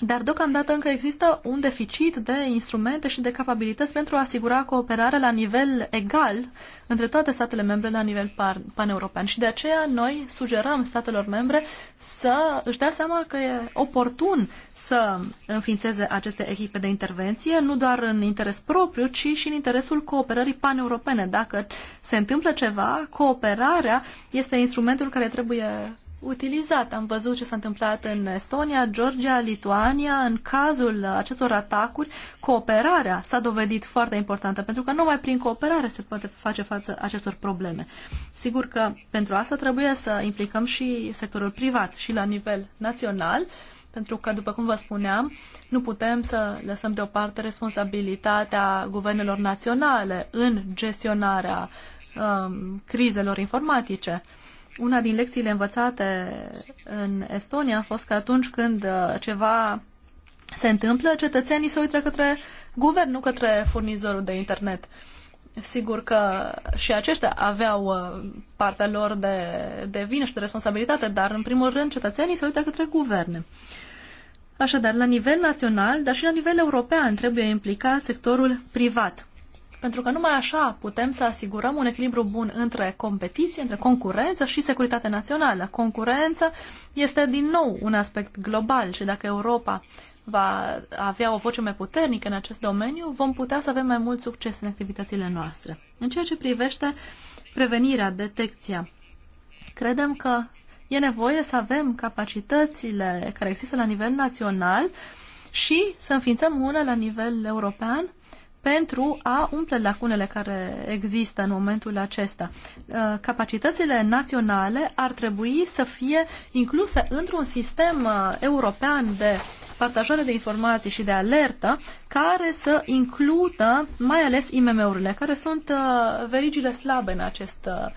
dar deocamdată încă există un deficit de instrumente și de capabilități pentru a asigura cooperarea la nivel egal între toate statele membre la nivel paneuropean. Și de aceea noi sugerăm statelor membre să își dea seama că e oportun să înființeze aceste echipe de intervenție, nu doar în interes propriu, ci și în interesul cooperării paneuropene. Dacă se întâmplă ceva, cooperarea este instrumentul care trebuie utilizat. Am văzut ce s-a întâmplat în Estonia, Georgia, Lituania. În cazul acestor atacuri, cooperarea s-a dovedit foarte importantă, pentru că numai prin cooperare se poate face față acestor probleme. Sigur că pentru asta trebuie să implicăm și sectorul privat și la nivel național, pentru că, după cum vă spuneam, nu putem să lăsăm deoparte responsabilitatea guvernelor naționale în gestionarea um, crizelor informatice. Uh, una din lecțiile învățate în Estonia a fost că atunci când uh, ceva se întâmplă, cetățenii se uită către guvern, nu către furnizorul de internet. Sigur că și aceștia aveau uh, partea lor de, de vină și de responsabilitate, dar în primul rând cetățenii se uită către guverne. Așadar, la nivel național, dar și la nivel european, trebuie implicat sectorul privat pentru că numai așa putem să asigurăm un echilibru bun între competiție, între concurență și securitate națională. Concurență este din nou un aspect global și dacă Europa va avea o voce mai puternică în acest domeniu, vom putea să avem mai mult succes în activitățile noastre. În ceea ce privește prevenirea, detecția, credem că e nevoie să avem capacitățile care există la nivel național și să înființăm una la nivel european pentru a umple lacunele care există în momentul acesta. Uh, capacitățile naționale ar trebui să fie incluse într-un sistem uh, european de partajare de informații și de alertă care să includă mai ales IMM-urile, care sunt uh, verigile slabe în acest uh,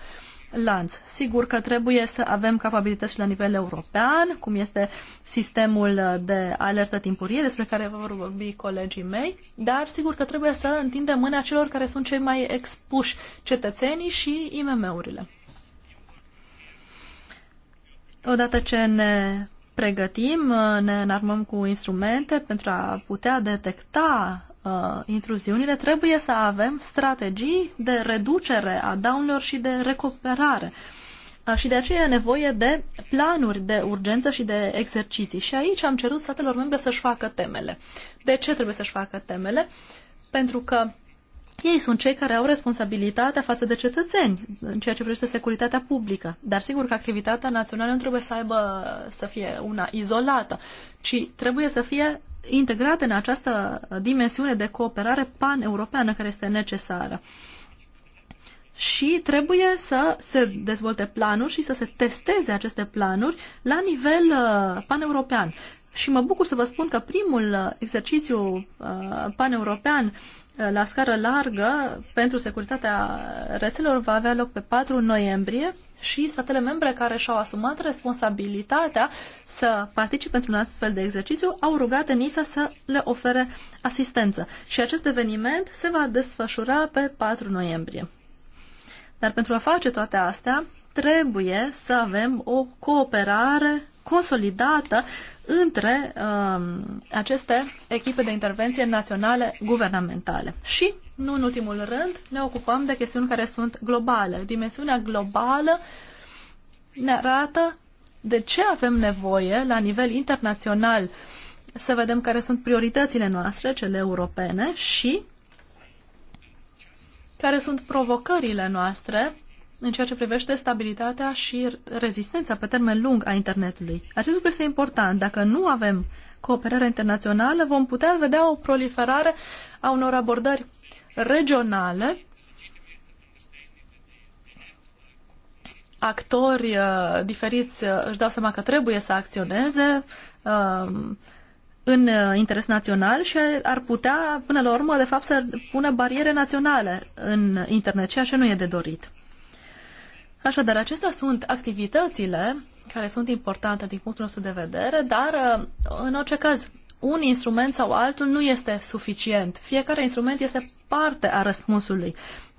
lanț. Sigur că trebuie să avem capabilități la nivel european, cum este sistemul de alertă timpurie, despre care vor vorbi colegii mei, dar sigur că trebuie să întindem mâna celor care sunt cei mai expuși, cetățenii și IMM-urile. Odată ce ne pregătim, ne înarmăm cu instrumente pentru a putea detecta uh, intruziunile, trebuie să avem strategii de reducere a daunelor și de recuperare. Uh, și de aceea e nevoie de planuri de urgență și de exerciții. Și aici am cerut statelor membre să-și facă temele. De ce trebuie să-și facă temele? Pentru că ei sunt cei care au responsabilitatea față de cetățeni în ceea ce privește securitatea publică. Dar sigur că activitatea națională nu trebuie să aibă să fie una izolată, ci trebuie să fie integrată în această dimensiune de cooperare pan-europeană care este necesară. Și trebuie să se dezvolte planuri și să se testeze aceste planuri la nivel uh, pan-european. Și mă bucur să vă spun că primul uh, exercițiu uh, pan-european Eh, la scară largă pentru securitatea rețelor va avea loc pe 4 noiembrie și statele membre care și-au asumat responsabilitatea să participe într-un astfel de exercițiu au rugat ENISA să le ofere asistență. Și acest eveniment se va desfășura pe 4 noiembrie. Dar pentru a face toate astea, trebuie să avem o cooperare consolidată între uh, aceste echipe de intervenție naționale guvernamentale. Și, nu în ultimul rând, ne ocupăm de chestiuni care sunt globale. Dimensiunea globală ne arată de ce avem nevoie la nivel internațional să vedem care sunt prioritățile noastre, cele europene, și care sunt provocările noastre în ceea ce privește stabilitatea și rezistența pe termen lung a internetului. Acest lucru este important. Dacă nu avem cooperare internațională, vom putea vedea o proliferare a unor abordări regionale actori uh, diferiți uh, își dau seama că trebuie să acționeze um, uh, în interes național și ar putea, până la urmă, de fapt, să pună bariere naționale în internet, ceea ce nu e de dorit. Așadar, acestea sunt activitățile care sunt importante din punctul nostru de vedere, dar uh, în orice caz, un instrument sau altul nu este suficient. Fiecare instrument este parte a răspunsului.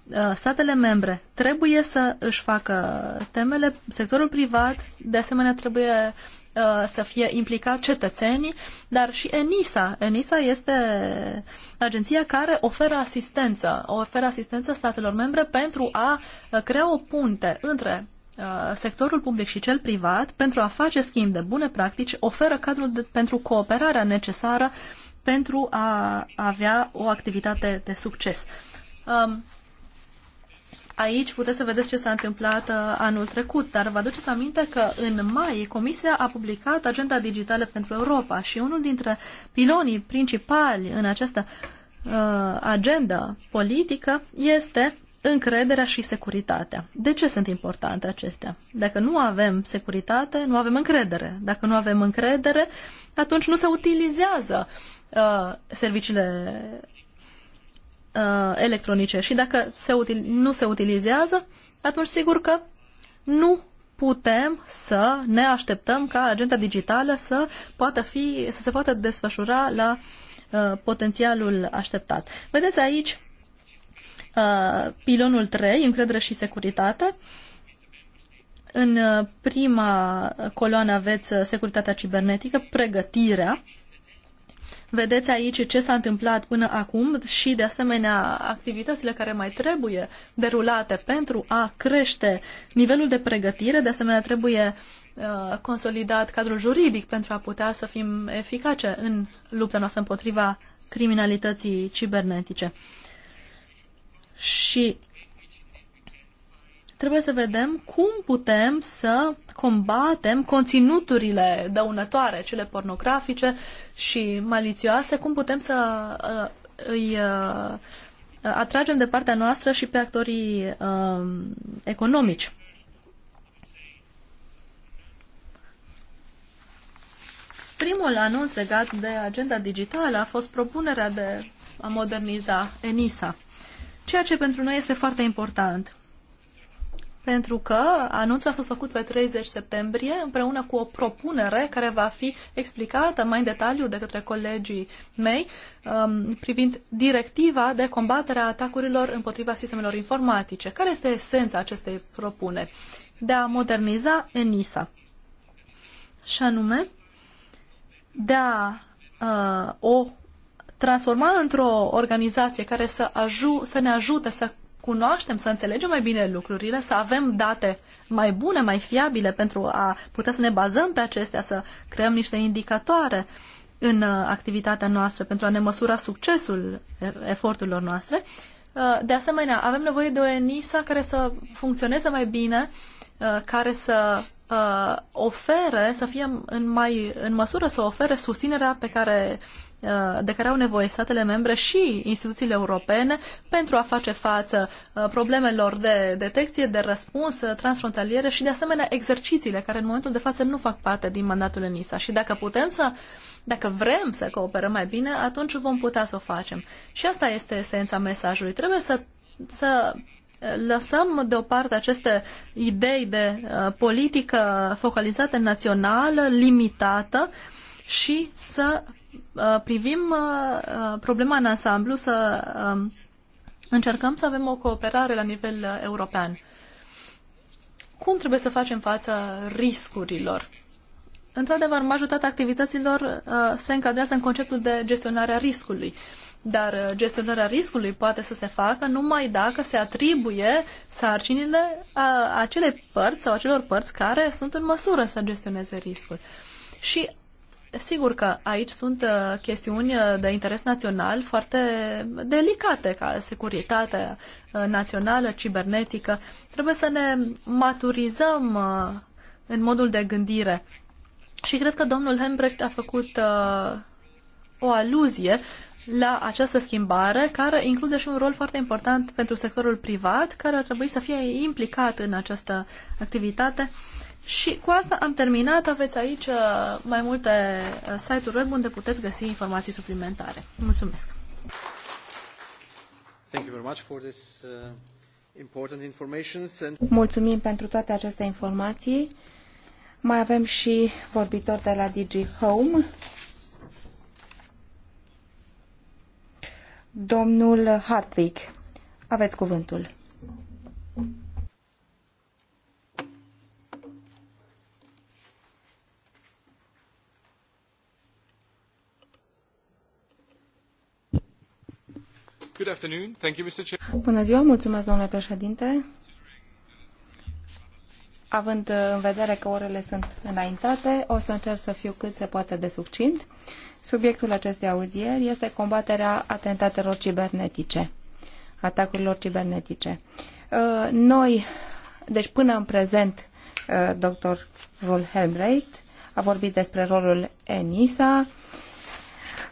Uh, statele membre trebuie să își facă temele, sectorul privat de asemenea trebuie Uh, să fie implicat cetățenii, dar și ENISA. ENISA este agenția care oferă asistență, oferă asistență statelor membre pentru a uh, crea o punte între uh, sectorul public și cel privat pentru a face schimb de bune practici, oferă cadrul de, pentru cooperarea necesară pentru a avea o activitate de succes. Um, Aici puteți să vedeți ce s-a întâmplat uh, anul trecut, dar vă aduceți aminte că în mai Comisia a publicat Agenda Digitală pentru Europa și unul dintre pilonii principali în această uh, agenda politică este încrederea și securitatea. De ce sunt importante acestea? Dacă nu avem securitate, nu avem încredere. Dacă nu avem încredere, atunci nu se utilizează uh, serviciile uh, electronice și dacă se util- nu se utilizează, atunci sigur că nu putem să ne așteptăm ca agenda digitală să poată fi, să se poată desfășura la uh, potențialul așteptat. Vedeți aici uh, pilonul 3, încredere și securitate. În uh, prima coloană aveți uh, securitatea cibernetică, pregătirea Vedeți aici ce s-a întâmplat până acum și, de asemenea, activitățile care mai trebuie derulate pentru a crește nivelul de pregătire. De asemenea, trebuie uh, consolidat cadrul juridic pentru a putea să fim eficace în lupta noastră împotriva criminalității cibernetice. Și trebuie să vedem cum putem să combatem conținuturile dăunătoare, cele pornografice și malițioase, cum putem să uh, îi uh, atragem de partea noastră și pe actorii uh, economici. Primul anunț legat de agenda digitală a fost propunerea de a moderniza ENISA, ceea ce pentru noi este foarte important pentru că anunțul a fost făcut pe 30 septembrie împreună cu o propunere care va fi explicată mai în detaliu de către colegii mei um, privind directiva de combatere a atacurilor împotriva sistemelor informatice. Care este esența acestei propuneri? De a moderniza ENISA. Și anume, de a uh, o transforma într-o organizație care să, aju- să ne ajute să cunoaștem, să înțelegem mai bine lucrurile, să avem date mai bune, mai fiabile pentru a putea să ne bazăm pe acestea, să creăm niște indicatoare în uh, activitatea noastră pentru a ne măsura succesul uh, eforturilor noastre. Uh, de asemenea, avem nevoie de o ENISA care să funcționeze mai bine, care să ofere, să fie în, mai, în măsură să ofere susținerea pe care Uh, de care au nevoie statele membre și instituțiile europene pentru a face față uh, problemelor de detecție, de răspuns uh, transfrontaliere și de asemenea exercițiile care în momentul de față nu fac parte din mandatul ENISA. Și dacă putem să dacă vrem să cooperăm mai bine, atunci vom putea să o facem. Și asta este esența mesajului. Trebuie să, să lăsăm deoparte aceste idei de politică focalizată națională, limitată și să Uh, privim uh, uh, problema în ansamblu, să um, încercăm să avem o cooperare la nivel european. Cum trebuie să facem față riscurilor? Într-adevăr, majoritatea activităților se încadrează în conceptul de gestionarea riscului. Dar gestionarea riscului poate să se facă numai dacă se atribuie sarcinile acelei părți sau acelor părți care sunt în măsură să gestioneze riscul. Și Sigur că aici sunt uh, chestiuni uh, de interes național foarte delicate, ca securitatea uh, națională, cibernetică. Trebuie să ne maturizăm în modul de gândire. Și cred că domnul Hembrecht a făcut o aluzie la această schimbare, care include și un rol foarte important pentru sectorul privat, care ar trebui să fie implicat în această activitate și cu asta am terminat. Aveți aici uh, mai multe uh, site-uri web unde puteți găsi informații suplimentare. Mulțumesc! Thank you very much for this, uh... Mulțumim pentru toate aceste informații. Mai avem și vorbitori de la DG Home. Domnul Hartwig, aveți cuvântul. Good afternoon. Thank you, Mr. Bună ziua, mulțumesc, domnule președinte. Având în vedere că orele sunt înaintate, o să încerc să fiu cât se poate de succint. Subiectul acestei audieri este combaterea atentatelor cibernetice, atacurilor cibernetice. Uh, noi, deci până în prezent, uh, dr. Rolhelmreit a vorbit despre rolul ENISA,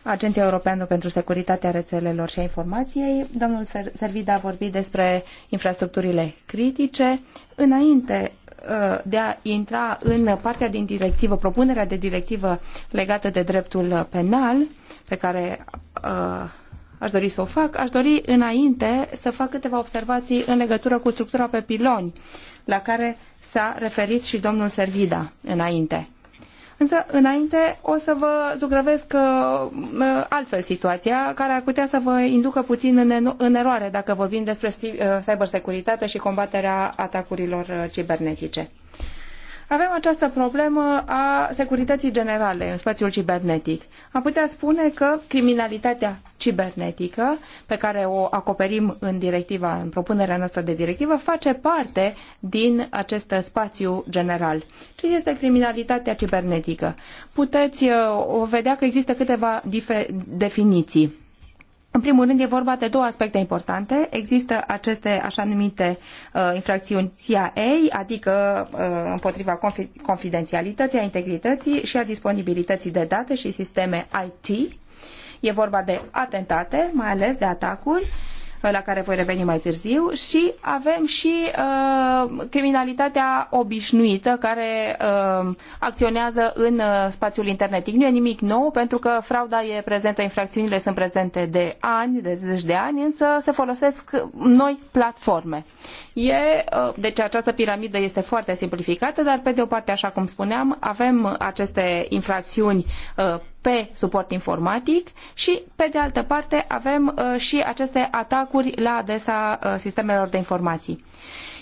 Agenția Europeană pentru Securitatea Rețelelor și a Informației. Domnul Servida a vorbit despre infrastructurile critice. Înainte uh, de a intra în partea din directivă, propunerea de directivă legată de dreptul penal, pe care uh, aș dori să o fac, aș dori înainte să fac câteva observații în legătură cu structura pe piloni, la care s-a referit și domnul Servida înainte. Însă, înainte, o să vă zugrăvesc uh, uh, altfel situația, care ar putea să vă inducă puțin în, eroare dacă vorbim despre uh, cybersecuritate și combaterea atacurilor cibernetice. Avem această problemă a securității generale în spațiul cibernetic. Am putea spune că criminalitatea cibernetică, pe care o acoperim în directiva, în propunerea noastră de directivă, face parte din acest spațiu general. Ce este criminalitatea cibernetică? Puteți uh, vedea că există câteva definiții în primul rând, e vorba de două aspecte importante. Există aceste așa numite uh, infracțiuni CIA, adică uh, împotriva confi- confidențialității, a integrității și a disponibilității de date și sisteme IT. E vorba de atentate, mai ales de atacuri. Uh, la care voi reveni mai târziu, și avem și uh, criminalitatea obișnuită care uh, acționează în uh, spațiul internetic. Nu e nimic nou, pentru că frauda e prezentă, infracțiunile sunt prezente de ani, de zeci de ani, însă se folosesc noi platforme. E, uh, deci această piramidă este foarte simplificată, dar pe de o parte, așa cum spuneam, avem aceste infracțiuni uh, pe suport informatic și, pe de altă parte, avem uh, și aceste atacuri la adresa uh, sistemelor de informații.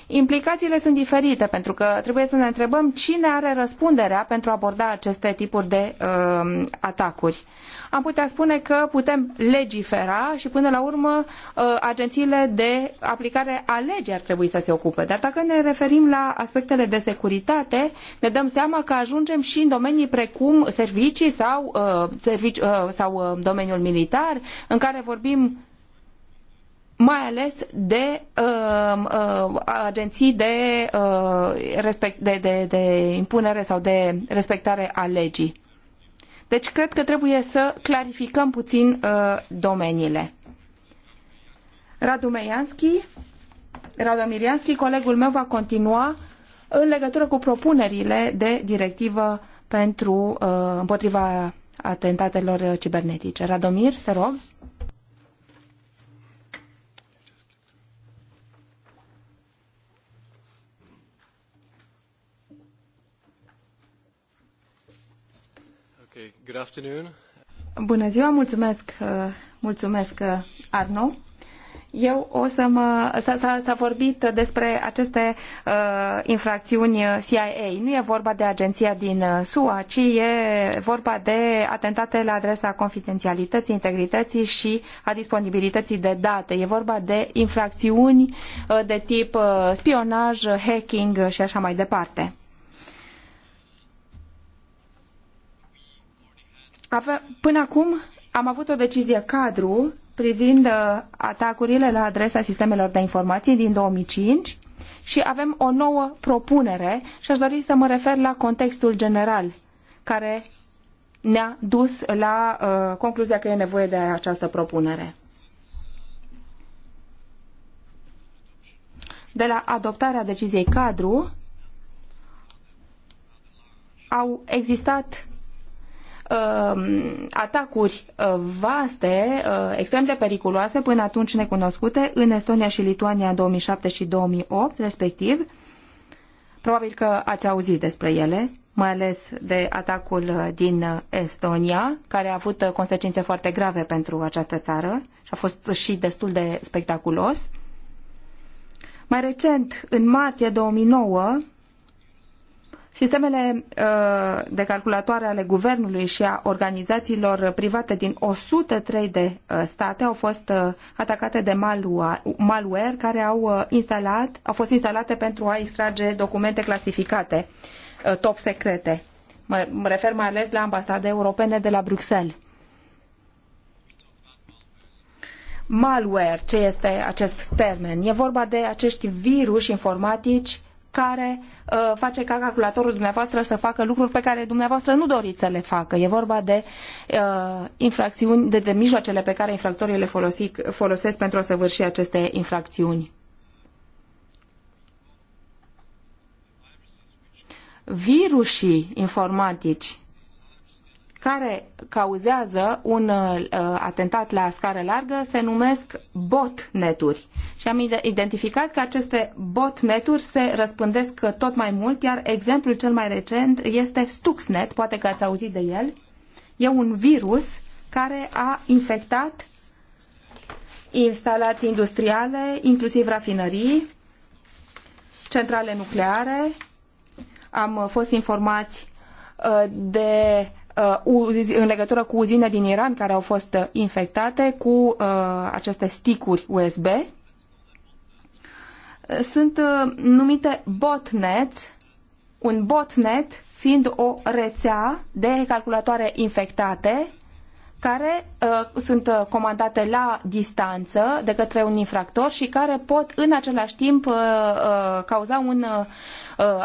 Implicațiile sunt diferite pentru că trebuie să ne întrebăm cine are răspunderea pentru a aborda aceste tipuri de uh, atacuri. Am putea spune că putem legifera și până la urmă uh, agențiile de aplicare a legii ar trebui să se ocupe. Dar dacă ne referim la aspectele de securitate, ne dăm seama că ajungem și în domenii precum servicii sau, uh, servici, uh, sau uh, domeniul militar, în care vorbim mai ales de uh, uh, agenții de, uh, respect, de, de, de impunere sau de respectare a legii. Deci cred că trebuie să clarificăm puțin uh, domeniile. Radu Meianski, Radu Mirianski, colegul meu va continua în legătură cu propunerile de directivă pentru uh, împotriva atentatelor cibernetice. Radomir, te rog. Good afternoon. Bună ziua, mulțumesc, uh, mulțumesc uh, Arno. Eu o să mă... S-a, vorbit despre aceste uh, infracțiuni CIA. Nu e vorba de agenția din uh, SUA, ci e vorba de atentate la adresa confidențialității, integrității și a disponibilității de date. E vorba de infracțiuni uh, de tip uh, spionaj, hacking și așa mai departe. Ave, până acum am avut o decizie cadru privind uh, atacurile la adresa sistemelor de informații din 2005 și avem o nouă propunere și aș dori să mă refer la contextul general care ne-a dus la uh, concluzia că e nevoie de această propunere. De la adoptarea deciziei cadru au existat Um, atacuri uh, vaste, uh, extrem de periculoase, până atunci necunoscute, în Estonia și Lituania în 2007 și 2008, respectiv. Probabil că ați auzit despre ele, mai ales de atacul din Estonia, care a avut consecințe foarte grave pentru această țară și a fost și destul de spectaculos. Mai recent, în martie 2009, Sistemele uh, de calculatoare ale guvernului și a organizațiilor private din 103 de uh, state au fost uh, atacate de malware care au, instalat, au fost instalate pentru a extrage documente clasificate, top secrete. Mă refer mai ales la ambasade europene de la Bruxelles. Malware, ce este acest termen? E vorba de acești virus informatici care uh, face ca calculatorul dumneavoastră să facă lucruri pe care dumneavoastră nu doriți să le facă. E vorba de uh, infracțiuni, de, de mijloacele pe care infractorii le folosic, folosesc pentru a săvârși aceste infracțiuni. Virusii informatici care cauzează un uh, uh, atentat la scară largă se numesc botneturi. Și am identificat că aceste botneturi se răspândesc tot mai mult, iar exemplul cel mai recent este Stuxnet, poate că ați auzit de el. E un virus care a infectat instalații industriale, inclusiv rafinării, centrale nucleare. Am fost informați uh, de Uh, în legătură cu uzine din Iran care au fost uh, infectate cu uh, aceste sticuri USB. Sunt numite botnet. un botnet fiind o rețea de calculatoare infectate care uh, sunt comandate la distanță de către un infractor și care pot în același timp uh, uh, cauza un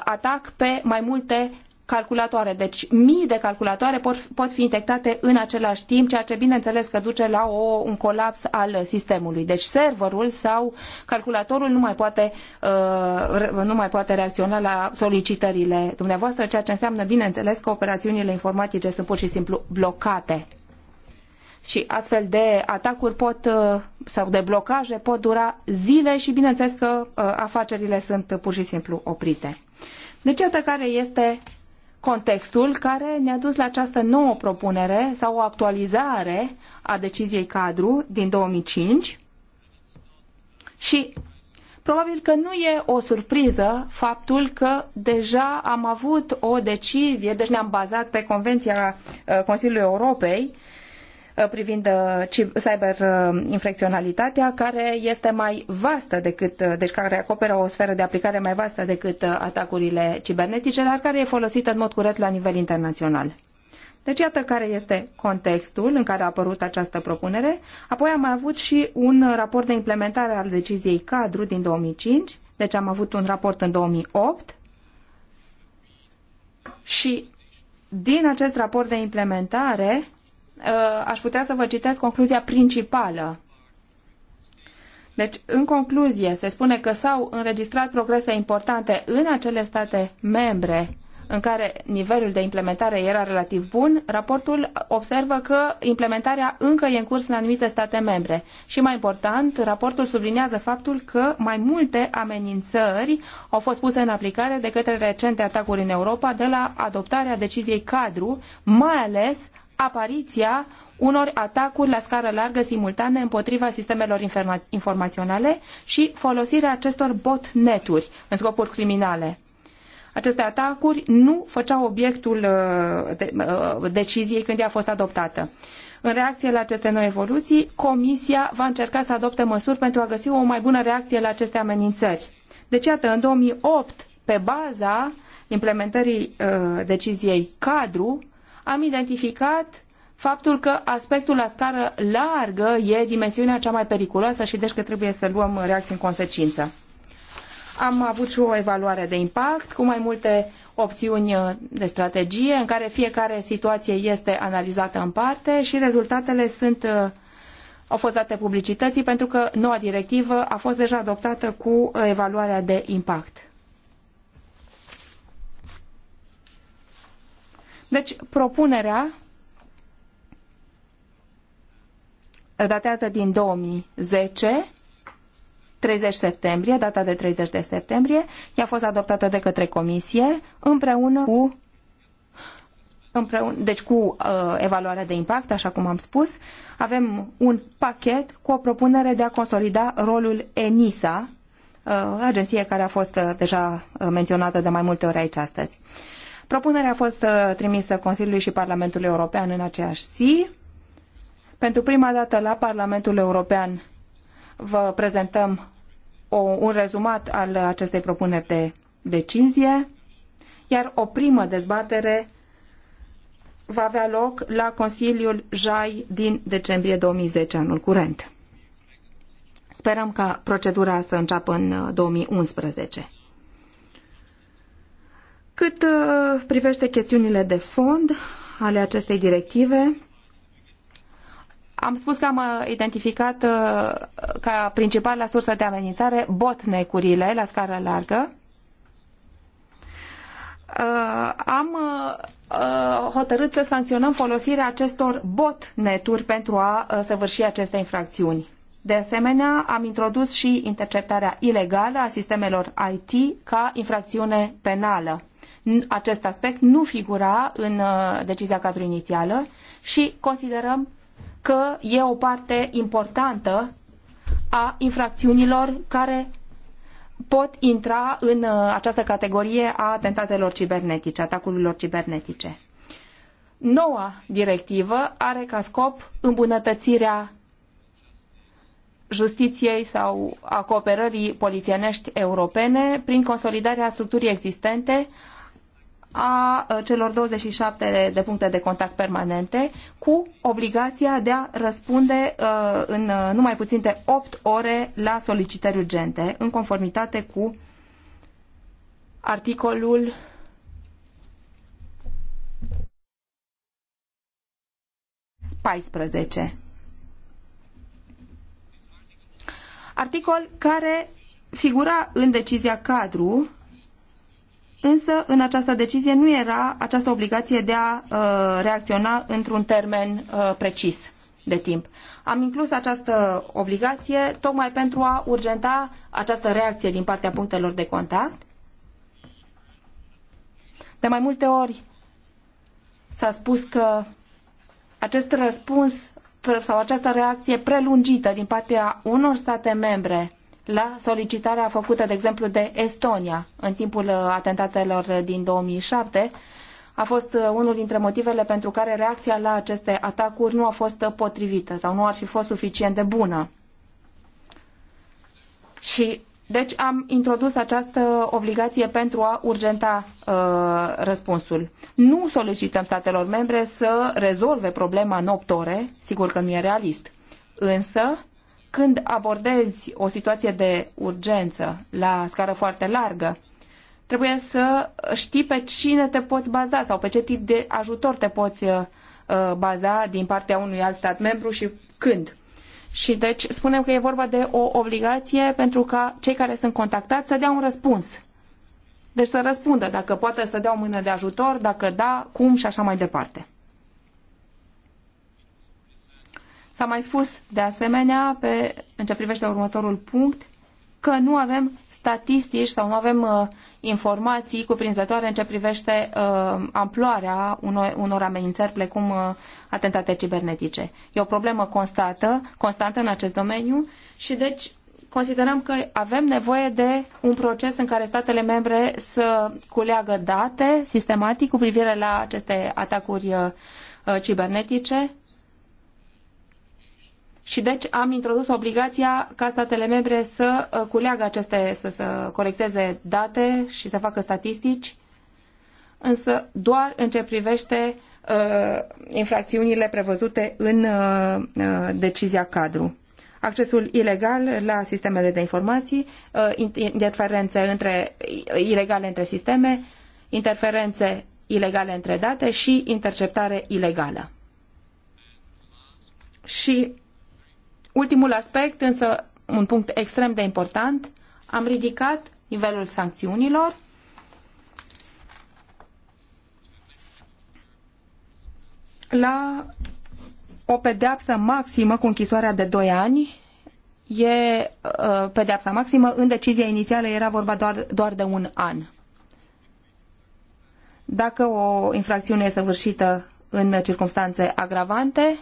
atac pe mai multe calculatoare. Deci mii de calculatoare pot, pot fi infectate în același timp, ceea ce bineînțeles că duce la o, un colaps al sistemului. Deci serverul sau calculatorul nu mai poate, uh, nu mai poate reacționa la solicitările dumneavoastră, ceea ce înseamnă bineînțeles că operațiunile informatice sunt pur și simplu blocate și astfel de atacuri pot uh, sau de blocaje pot dura zile și bineînțeles că uh, afacerile sunt pur și simplu oprite. Deci iată care este contextul care ne-a dus la această nouă propunere sau o actualizare a deciziei cadru din 2005 și probabil că nu e o surpriză faptul că deja am avut o decizie, deci ne-am bazat pe Convenția uh, Consiliului Europei Uh, privind uh, cyber uh, infracționalitatea, care este mai vastă decât, deci care acoperă o sferă de aplicare mai vastă decât atacurile cibernetice, dar care e folosită în mod curent la nivel internațional. Deci iată care este contextul în care a apărut această propunere. Apoi am avut și un raport de implementare al deciziei cadru din 2005, deci am avut un raport în 2008 și din acest raport de implementare Uh, aș putea să vă citesc concluzia principală. Deci, în concluzie, se spune că s-au înregistrat progrese importante în acele state membre în care nivelul de implementare era relativ bun, raportul observă că implementarea încă e în curs în anumite state membre. Și mai important, raportul subliniază faptul că mai multe amenințări au fost puse în aplicare de către recente atacuri în Europa de la adoptarea deciziei cadru, mai ales apariția unor atacuri la scară largă simultane împotriva sistemelor informa- informaționale și folosirea acestor botneturi în scopuri criminale. Aceste atacuri nu făceau obiectul uh, de, uh, deciziei când ea a fost adoptată. În reacție la aceste noi evoluții, Comisia va încerca să adopte măsuri pentru a găsi o mai bună reacție la aceste amenințări. Deci, iată, în 2008, pe baza implementării uh, deciziei cadru am identificat faptul că aspectul la scară largă e dimensiunea cea mai periculoasă și deci că trebuie să luăm reacții în consecință. Am avut și o evaluare de impact cu mai multe opțiuni de strategie în care fiecare situație este analizată în parte și rezultatele sunt au fost date publicității pentru că noua directivă a fost deja adoptată cu evaluarea de impact. Deci, propunerea datează din 2010, 30 septembrie, data de 30 de septembrie, i-a fost adoptată de către comisie împreună cu împreună, deci cu uh, evaluarea de impact, așa cum am spus, avem un pachet cu o propunere de a consolida rolul ENISA, uh, agenție care a fost uh, deja uh, menționată de mai multe ori aici astăzi. Uh, Propunerea a fost uh, trimisă Consiliului și Parlamentului European în aceeași zi. Pentru prima dată la Parlamentul European vă prezentăm o, un rezumat al acestei propuneri de decizie, iar o primă dezbatere va avea loc la Consiliul JAI din decembrie 2010, anul curent. Sperăm ca procedura să înceapă în 2011. Uh, cât uh, privește chestiunile de fond ale acestei directive, am spus că am uh, identificat uh, ca principală sursă de amenințare botnecurile la scară largă. Am hotărât să sancționăm folosirea acestor botneturi pentru a săvârși aceste infracțiuni. De asemenea, am introdus și interceptarea ilegală a sistemelor IT ca infracțiune penală. Acest aspect nu figura în uh, decizia cadru inițială și considerăm că e o parte importantă a infracțiunilor care pot intra în uh, această categorie a atentatelor cibernetice, atacurilor cibernetice. Noua directivă are ca scop îmbunătățirea justiției sau a cooperării polițienești europene prin consolidarea structurii existente, a celor 27 de puncte de contact permanente cu obligația de a răspunde în numai puțin de 8 ore la solicitări urgente, în conformitate cu articolul paisprezece. Articol care figura în decizia cadru Însă, în această decizie nu era această obligație de a uh, reacționa într-un termen uh, precis de timp. Am inclus această obligație tocmai pentru a urgenta această reacție din partea punctelor de contact. De mai multe ori s-a spus că acest răspuns sau această reacție prelungită din partea unor state membre la solicitarea făcută, de exemplu, de Estonia în timpul uh, atentatelor din 2007, a fost uh, unul dintre motivele pentru care reacția la aceste atacuri nu a fost potrivită sau nu ar fi fost suficient de bună. Și deci am introdus această obligație pentru a urgenta uh, răspunsul. Nu solicităm statelor membre să rezolve problema în 8 ore, sigur că nu e realist. Însă când abordezi o situație de urgență la scară foarte largă, trebuie să știi pe cine te poți baza sau pe ce tip de ajutor te poți uh, baza din partea unui alt stat membru și când. Și deci spunem că e vorba de o obligație pentru ca cei care sunt contactați să dea un răspuns. Deci să răspundă dacă poate să dea o mână de ajutor, dacă da, cum și așa mai departe. S-a mai spus de asemenea, pe, în ce privește următorul punct, că nu avem statistici sau nu avem uh, informații cuprinzătoare în ce privește uh, amploarea unor, unor amenințări precum uh, atentate cibernetice. E o problemă constată, constantă în acest domeniu și deci considerăm că avem nevoie de un proces în care statele membre să culeagă date sistematic cu privire la aceste atacuri uh, uh, cibernetice și deci am introdus obligația ca statele membre să uh, culeagă aceste, să, să colecteze date și să facă statistici, însă doar în ce privește uh, infracțiunile prevăzute în uh, uh decizia cadru. Accesul ilegal la sistemele de informații, uh, interferențe între, ilegale între sisteme, interferențe ilegale între date și interceptare ilegală. Și Ultimul aspect, însă un punct extrem de important, am ridicat nivelul sancțiunilor. La o pedeapsă maximă cu închisoarea de 2 ani e uh, pedeapsa maximă. În decizia inițială era vorba doar, doar de un an. Dacă o infracțiune este săvârșită în circunstanțe agravante,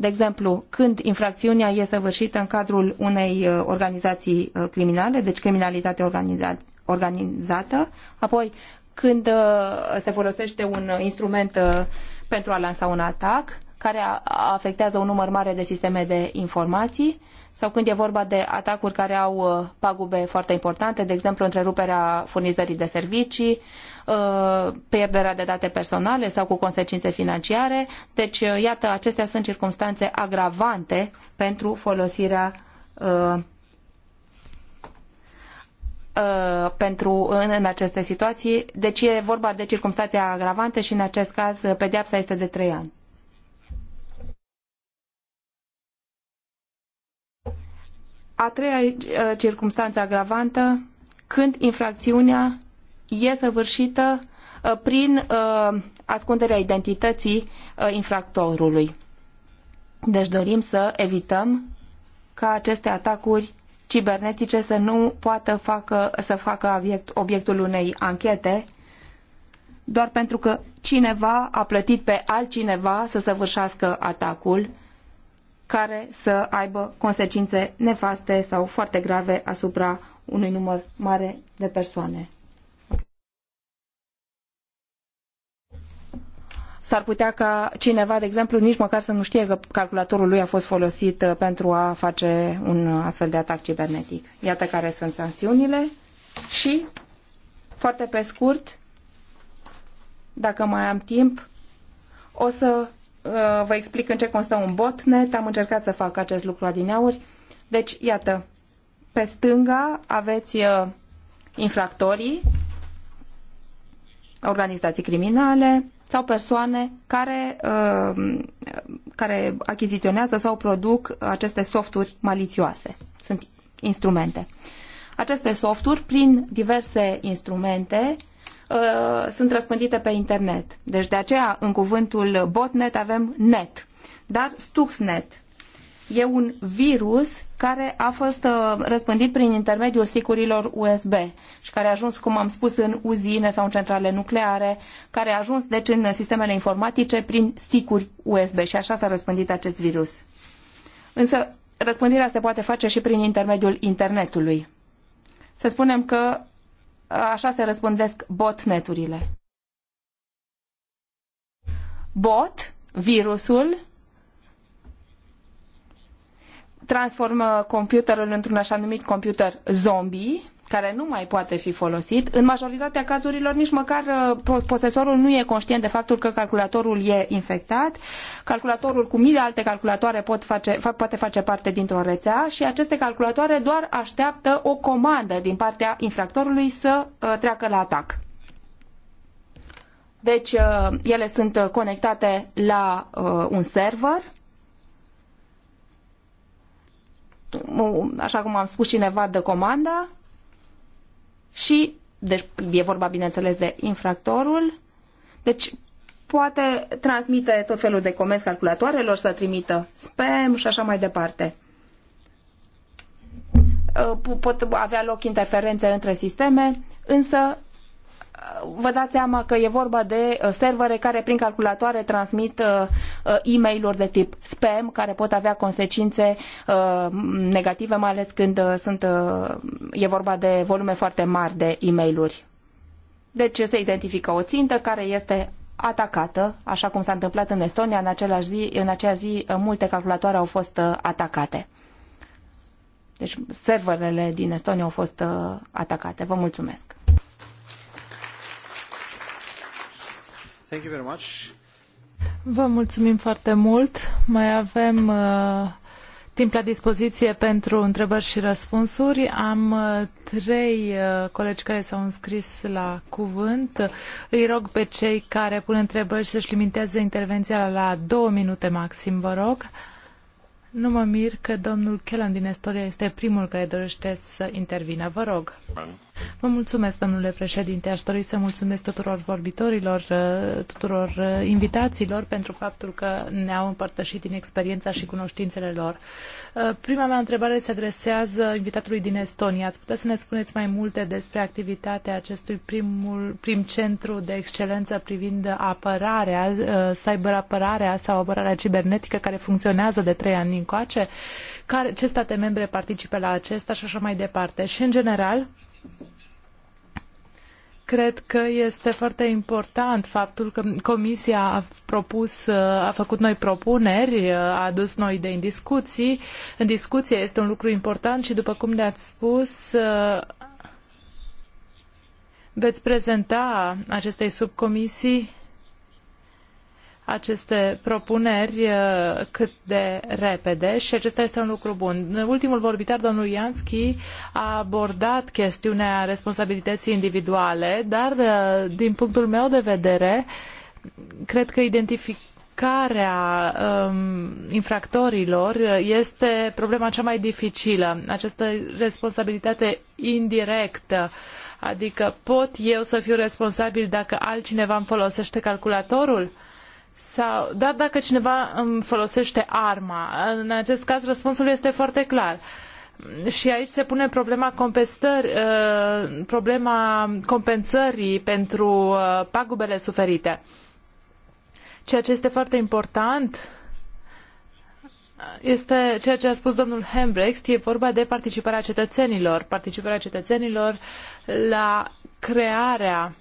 de exemplu, când infracțiunea e săvârșită în cadrul unei uh, organizații uh, criminale, deci criminalitate organizată, apoi când uh, se folosește un instrument pentru a lansa un atac, care afectează un număr mare de sisteme de informații, sau când e vorba de atacuri care au pagube foarte importante, de exemplu întreruperea furnizării de servicii, Uh, pierderea de date personale sau cu consecințe financiare. Deci, uh, iată, acestea sunt circunstanțe agravante pentru folosirea uh, pentru în, în, aceste situații. Deci e vorba de circunstanțe agravante și în acest caz pedeapsa este de trei ani. A treia circunstanță agravantă, când infracțiunea e săvârșită uh, prin uh, ascunderea identității uh, infractorului. Deci dorim să evităm ca aceste atacuri cibernetice să nu poată facă, să facă obiectul unei anchete doar pentru că cineva a plătit pe altcineva să săvârșească atacul care să aibă consecințe nefaste sau foarte grave asupra unui număr mare de persoane. S-ar putea ca cineva, de exemplu, nici măcar să nu știe că calculatorul lui a fost folosit uh, pentru a face un astfel de atac cibernetic. Iată care sunt sancțiunile și, foarte pe scurt, dacă mai am timp, o să uh, vă explic în ce constă un botnet. Am încercat să fac acest lucru adineauri. Deci, iată, pe stânga aveți uh, infractorii, organizații criminale, sau persoane care, uh, care achiziționează sau produc aceste softuri malițioase. Sunt instrumente. Aceste softuri, prin diverse instrumente, uh, sunt răspândite pe internet. Deci de aceea, în cuvântul botnet avem net. Dar Stuxnet E un virus care a fost uh, răspândit prin intermediul sticurilor USB și care a ajuns, cum am spus, în uzine sau în centrale nucleare, care a ajuns, deci, în sistemele informatice prin sticuri USB și așa s-a răspândit acest virus. Însă, răspândirea se poate face și prin intermediul internetului. Să spunem că uh, așa se răspândesc botneturile. Bot, virusul, transformă computerul într-un așa numit computer zombie, care nu mai poate fi folosit. În majoritatea cazurilor nici măcar uh, posesorul nu e conștient de faptul că calculatorul e infectat. Calculatorul cu mii de alte calculatoare pot face, poate face parte dintr-o rețea și aceste calculatoare doar așteaptă o comandă din partea infractorului să uh, treacă la atac. Deci uh, ele sunt conectate la un server așa cum am spus, cineva de comanda și, deci e vorba, bineînțeles, de infractorul, deci poate transmite tot felul de comenzi calculatoarelor, să trimită spam și așa mai departe. Ă, pot avea loc interferențe între sisteme, însă vă dați seama că e vorba de uh, servere care prin calculatoare transmit uh, uh, e mail de tip spam, care pot avea consecințe negative, mai ales când sunt, e vorba de volume foarte mari de e mail Deci se identifică o țintă care este atacată, așa cum s-a întâmplat în Estonia, în, același zi, în acea zi multe calculatoare au fost atacate. Deci serverele din Estonia au fost atacate. Vă mulțumesc! Vă mulțumim foarte mult. Mai avem uh, timp la dispoziție pentru întrebări și răspunsuri. Am uh, trei uh, colegi care s-au înscris la cuvânt. Îi rog pe cei care pun întrebări să-și limiteze intervenția la două minute maxim, vă rog. Nu mă mir că domnul Kellan din Estonia este primul care dorește să intervină. Vă rog. Bun. Vă mulțumesc, domnule președinte. Aș dori să mulțumesc tuturor vorbitorilor, uh, tuturor uh, invitațiilor pentru faptul că ne-au împărtășit din experiența și cunoștințele lor. Uh, prima mea întrebare se adresează invitatului din Estonia. Ați putea să ne spuneți mai multe despre activitatea acestui primul, prim centru de excelență privind apărarea, cyberapărarea sau apărarea cibernetică care funcționează de trei ani încoace? Care, ce state membre participă la acesta și așa mai departe? Și în general, Cred că este foarte important faptul că Comisia a propus, a făcut noi propuneri, a adus noi idei în discuții. În discuție este un lucru important și, după cum ne-ați spus, veți prezenta acestei subcomisii aceste propuneri uh, cât de repede și acesta este un lucru bun. Ultimul vorbitor, domnul Ianski, a abordat chestiunea responsabilității individuale, dar uh, din punctul meu de vedere, cred că identific identificarea um, infractorilor este problema cea mai dificilă. Această responsabilitate indirectă, adică pot eu să fiu responsabil dacă altcineva îmi folosește calculatorul? Uh, sau, dar dacă cineva îmi folosește arma, în acest caz răspunsul este foarte clar. Și aici se pune problema, compensări, uh, problema compensării pentru uh, pagubele suferite. Ceea ce este foarte important este ceea ce a spus domnul Hembrecht, e vorba de participarea cetățenilor, participarea cetățenilor la crearea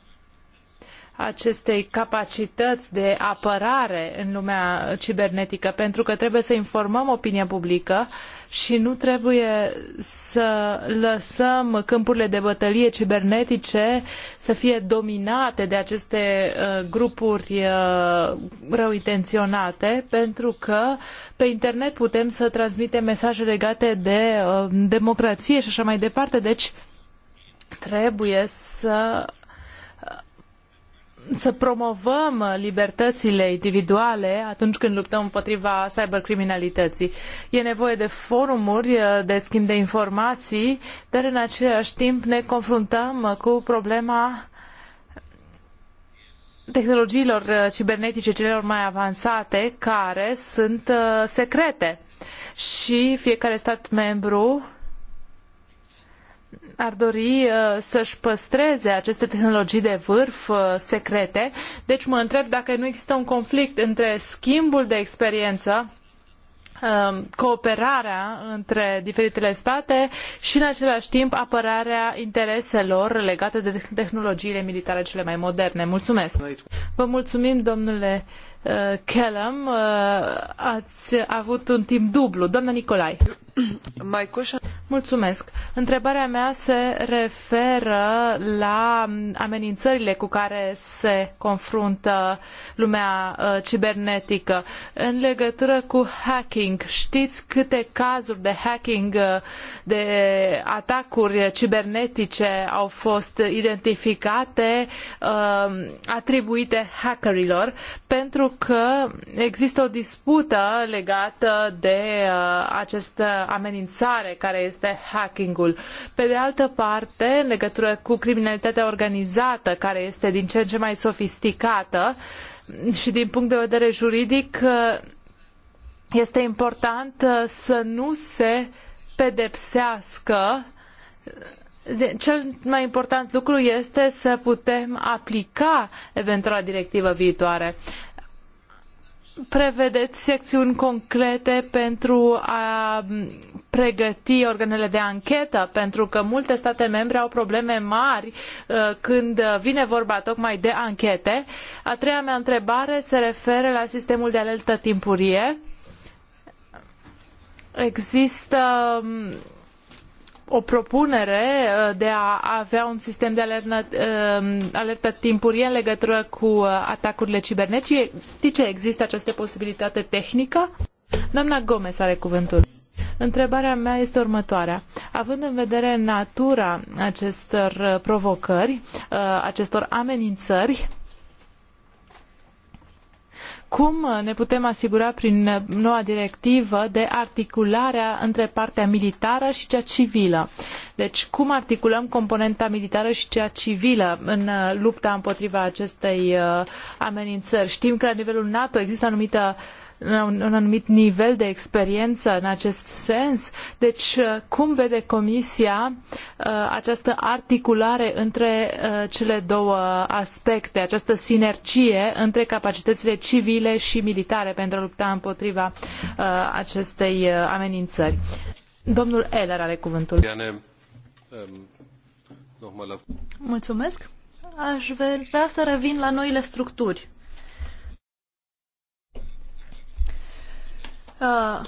acestei capacități de apărare în lumea cibernetică, pentru că trebuie să informăm opinia publică și nu trebuie să lăsăm câmpurile de bătălie cibernetice să fie dominate de aceste uh, grupuri uh, rău intenționate, pentru că pe internet putem să transmitem mesaje legate de uh, democrație și așa mai departe. Deci trebuie să să promovăm libertățile individuale atunci când luptăm împotriva cybercriminalității. E nevoie de forumuri, de schimb de informații, dar în același timp ne confruntăm cu problema tehnologiilor cibernetice celor mai avansate care sunt uh, secrete și fiecare stat membru ar dori uh, să-și păstreze aceste tehnologii de vârf uh, secrete. Deci mă întreb dacă nu există un conflict între schimbul de experiență um, cooperarea între diferitele state și în același timp apărarea intereselor legate de tehnologiile militare cele mai moderne. Mulțumesc! Vă mulțumim, domnule Kellam. Uh, ați avut un timp dublu. Doamna Nicolai. Întrebarea mea se referă la mm, amenințările cu care se confruntă lumea uh, cibernetică. În legătură cu hacking, știți câte cazuri de hacking, uh, de atacuri cibernetice au fost identificate, uh, atribuite hackerilor, pentru că există o dispută legată de acest amenințare care este hackingul. Pe de altă parte, în legătură cu criminalitatea organizată, care este din ce în ce mai sofisticată și din punct de vedere juridic, este important uh, să nu se pedepsească cel mai important lucru este să putem aplica eventuala directivă viitoare prevedeți acțiuni concrete pentru a pregăti organele de anchetă? Pentru că multe state membre au probleme mari uh, când vine vorba tocmai de anchete. A treia mea întrebare se referă la sistemul de alertă timpurie. Există o propunere uh, de a avea un sistem de alertă, uh, alertă timpurie în legătură cu uh, atacurile cibernetice? Există această posibilitate tehnică? Doamna Gomez are cuvântul. Întrebarea mea este următoarea. Având în vedere natura acestor provocări, acestor amenințări, cum ne putem asigura prin noua directivă de articularea între partea militară și cea civilă. Deci cum articulăm componenta militară și cea civilă în uh, lupta împotriva acestei uh, amenințări? Știm că la nivelul NATO există anumită uh, un, un anumit nivel de experiență în acest sens. Deci, uh, cum vede Comisia uh, această articulare între uh, cele două aspecte, această sinergie între capacitățile civile și militare pentru a lupta împotriva acestei amenințări? Domnul Eller are cuvântul. Um, Mulțumesc. Aș vrea să revin la noile structuri Uh,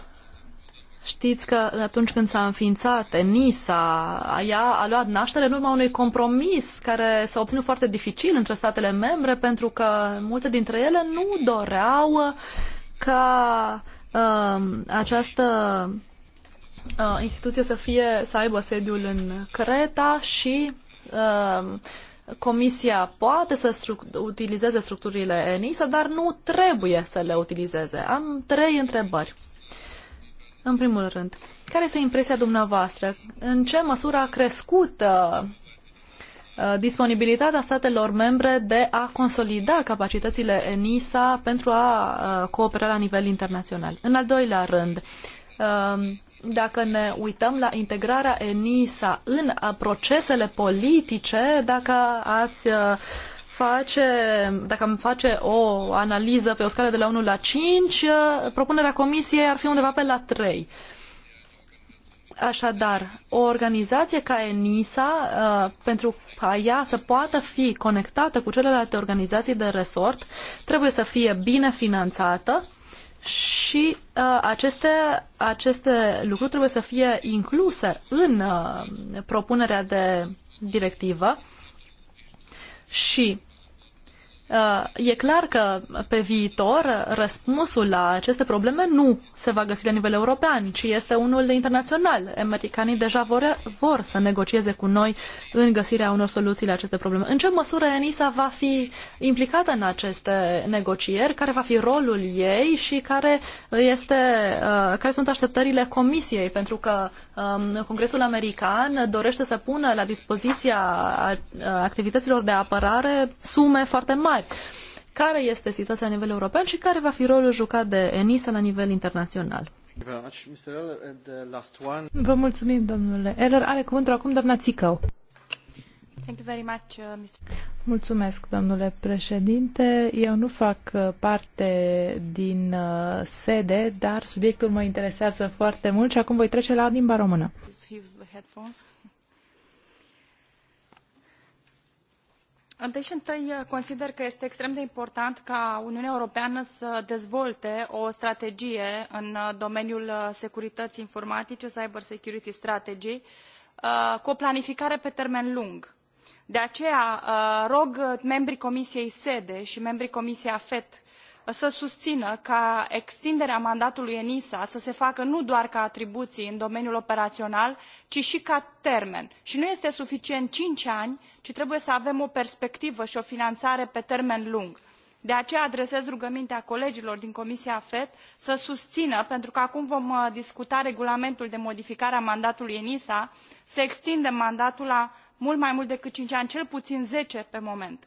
știți că atunci când s-a înființat ENISA, ea a luat naștere în urma unui compromis care s-a obținut foarte dificil între statele membre pentru că multe dintre ele nu doreau ca uh, această uh, instituție să fie să aibă sediul în Creta și uh, Comisia poate să stru- utilizeze structurile ENISA, dar nu trebuie să le utilizeze. Am trei întrebări. În primul rând, care este impresia dumneavoastră? În ce măsură a crescut uh, uh, disponibilitatea statelor membre de a consolida capacitățile ENISA pentru a uh, coopera la nivel internațional? În al doilea rând, dacă ne uităm la integrarea ENISA în uh, procesele politice, dacă ați uh, face, dacă am face o analiză pe o scară de la 1 la 5, uh, propunerea comisiei ar fi undeva pe la 3. Așadar, o organizație ca ENISA, pentru ca ea să poată fi conectată cu celelalte organizații de resort, trebuie să fie bine finanțată, și uh, aceste, aceste lucruri trebuie să fie incluse în uh, propunerea de directivă și Uh, e clar că pe viitor răspunsul la aceste probleme nu se va găsi la nivel european, ci este unul internațional. Americanii deja vor, vor să negocieze cu noi în găsirea unor soluții la aceste probleme. În ce măsură ENISA va fi implicată în aceste negocieri, care va fi rolul ei și care, este, uh, care sunt așteptările Comisiei, pentru că um, Congresul American dorește să pună la dispoziția activităților de apărare sume foarte mari mari. Care este situația la nivel european și care va fi rolul jucat de ENISA la nivel internațional? Vă mulțumim, domnule Eller. Are cuvântul acum doamna Țicău. Uh, Mulțumesc, domnule președinte. Eu nu fac uh, parte din uh, sede, dar subiectul mă interesează foarte mult și acum voi trece la limba română. Întâi întâi eh, consider că este extrem de important ca Uniunea Europeană să dezvolte o strategie în eh, domeniul eh, securității informatice, cyber security strategy, cu o planificare pe termen lung. De aceea rog membrii Comisiei SEDE și membrii Comisiei AFET să susină ca extinderea mandatului enisa să se facă nu doar ca atribuții în domeniul operaional ci i ca termen i nu este suficient cinci ani ci trebuie să avem o perspectivă i o finanare pe termen lung. de aceea adresez rugămintea colegilor din comisia afet să susină pentru că acum vom uh, discuta regulamentul de modificare a mandatului enisa să extindem mandatul la mult mai mult decât cinci ani cel puin zece pe moment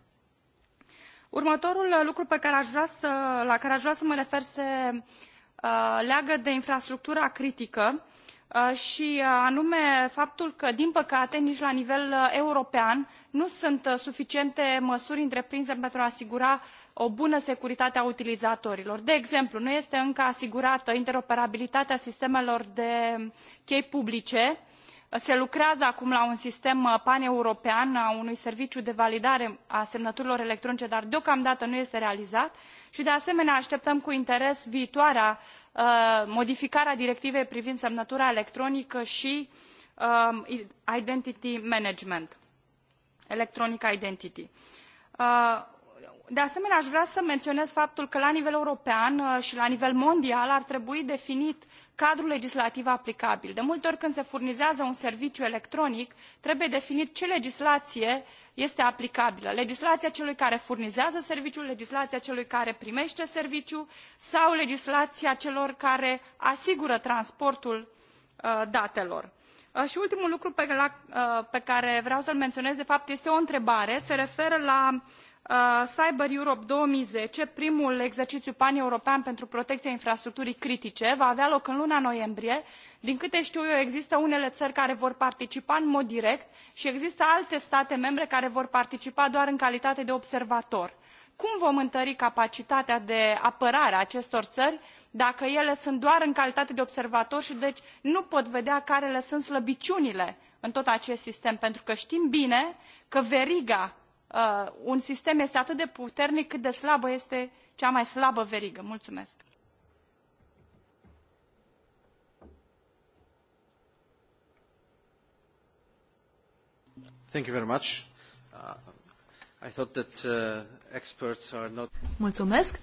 următorul uh, lucru pe care aș vrea să, la care aș vrea să mă refer se uh, leagă de infrastructura critică uh, și uh, anume faptul că din păcate nici la nivel european nu sunt suficiente măsuri întreprinse pentru a asigura o bună securitate a utilizatorilor. de exemplu nu este încă asigurată interoperabilitatea sistemelor de um, chei publice i se lucrează acum la un sistem uh, paneuropean a unui serviciu de validare a semnăturilor electronice dar deocamdată nu este realizat i de asemenea ateptăm cu interes viitoarea uh, modificare a directivei privind semnătura electronică uh, i identity management electronic identity. De asemenea, aș vrea să menționez faptul că la nivel european și la nivel mondial ar trebui definit cadrul legislativ aplicabil. de multe ori când se furnizează un serviciu electronic trebuie definit ce legislaie este aplicabilă legislaia celui care furnizează serviciul legislaia celui care primete serviciul sau legislaia celor care asigură transportul uh, datelor. Uh, și ultimul lucru pe, la, uh, pe care vreau să l menționez de fapt este o întrebare se referă la Uh, cyber europe două mii zece primul exerciiu paneuropean pentru protecia infrastructurii critice va avea loc în luna noiembrie. din câte tiu eu există unele ări care vor participa în mod direct i există alte state membre care vor participa doar în calitate de observator. cum vom întări capacitatea de apărare a acestor ări dacă ele sunt doar în calitate de observatori i deci nu pot vedea care le sunt slăbiciunile în tot acest sistem pentru că tim bine că veriga uh, un sistem este atât de puternic cât de slabă este cea mai slabă verigă. Mulțumesc! Thank you very much. Uh, I thought that uh, experts are not... Mulțumesc!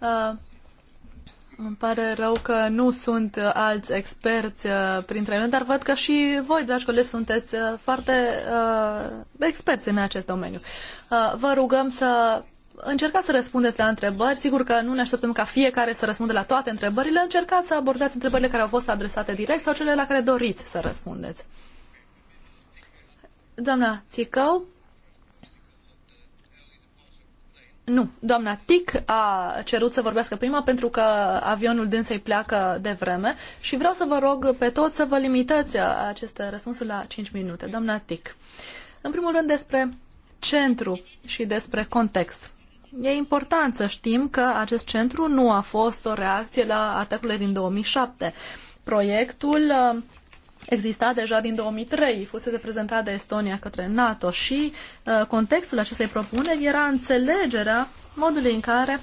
Uh, îmi pare rău că nu sunt alți experți uh, printre noi, dar văd că și voi, dragi colegi, sunteți uh, foarte uh, experți în acest domeniu. Uh, vă rugăm să încercați să răspundeți la întrebări. Sigur că nu ne așteptăm ca fiecare să răspundă la toate întrebările. Încercați să abordați întrebările care au fost adresate direct sau cele la care doriți să răspundeți. Doamna Țicău, nu, doamna Tic a cerut să vorbească prima pentru că avionul dânsei pleacă de vreme și vreau să vă rog pe toți să vă limitați aceste răspunsuri la 5 minute. Doamna Tic, în primul rând despre centru și despre context. E important să știm că acest centru nu a fost o reacție la atacurile din 2007. Proiectul uh, exista deja din 2003, fusese prezentat de Estonia către NATO și uh, contextul acestei propuneri era înțelegerea modului în care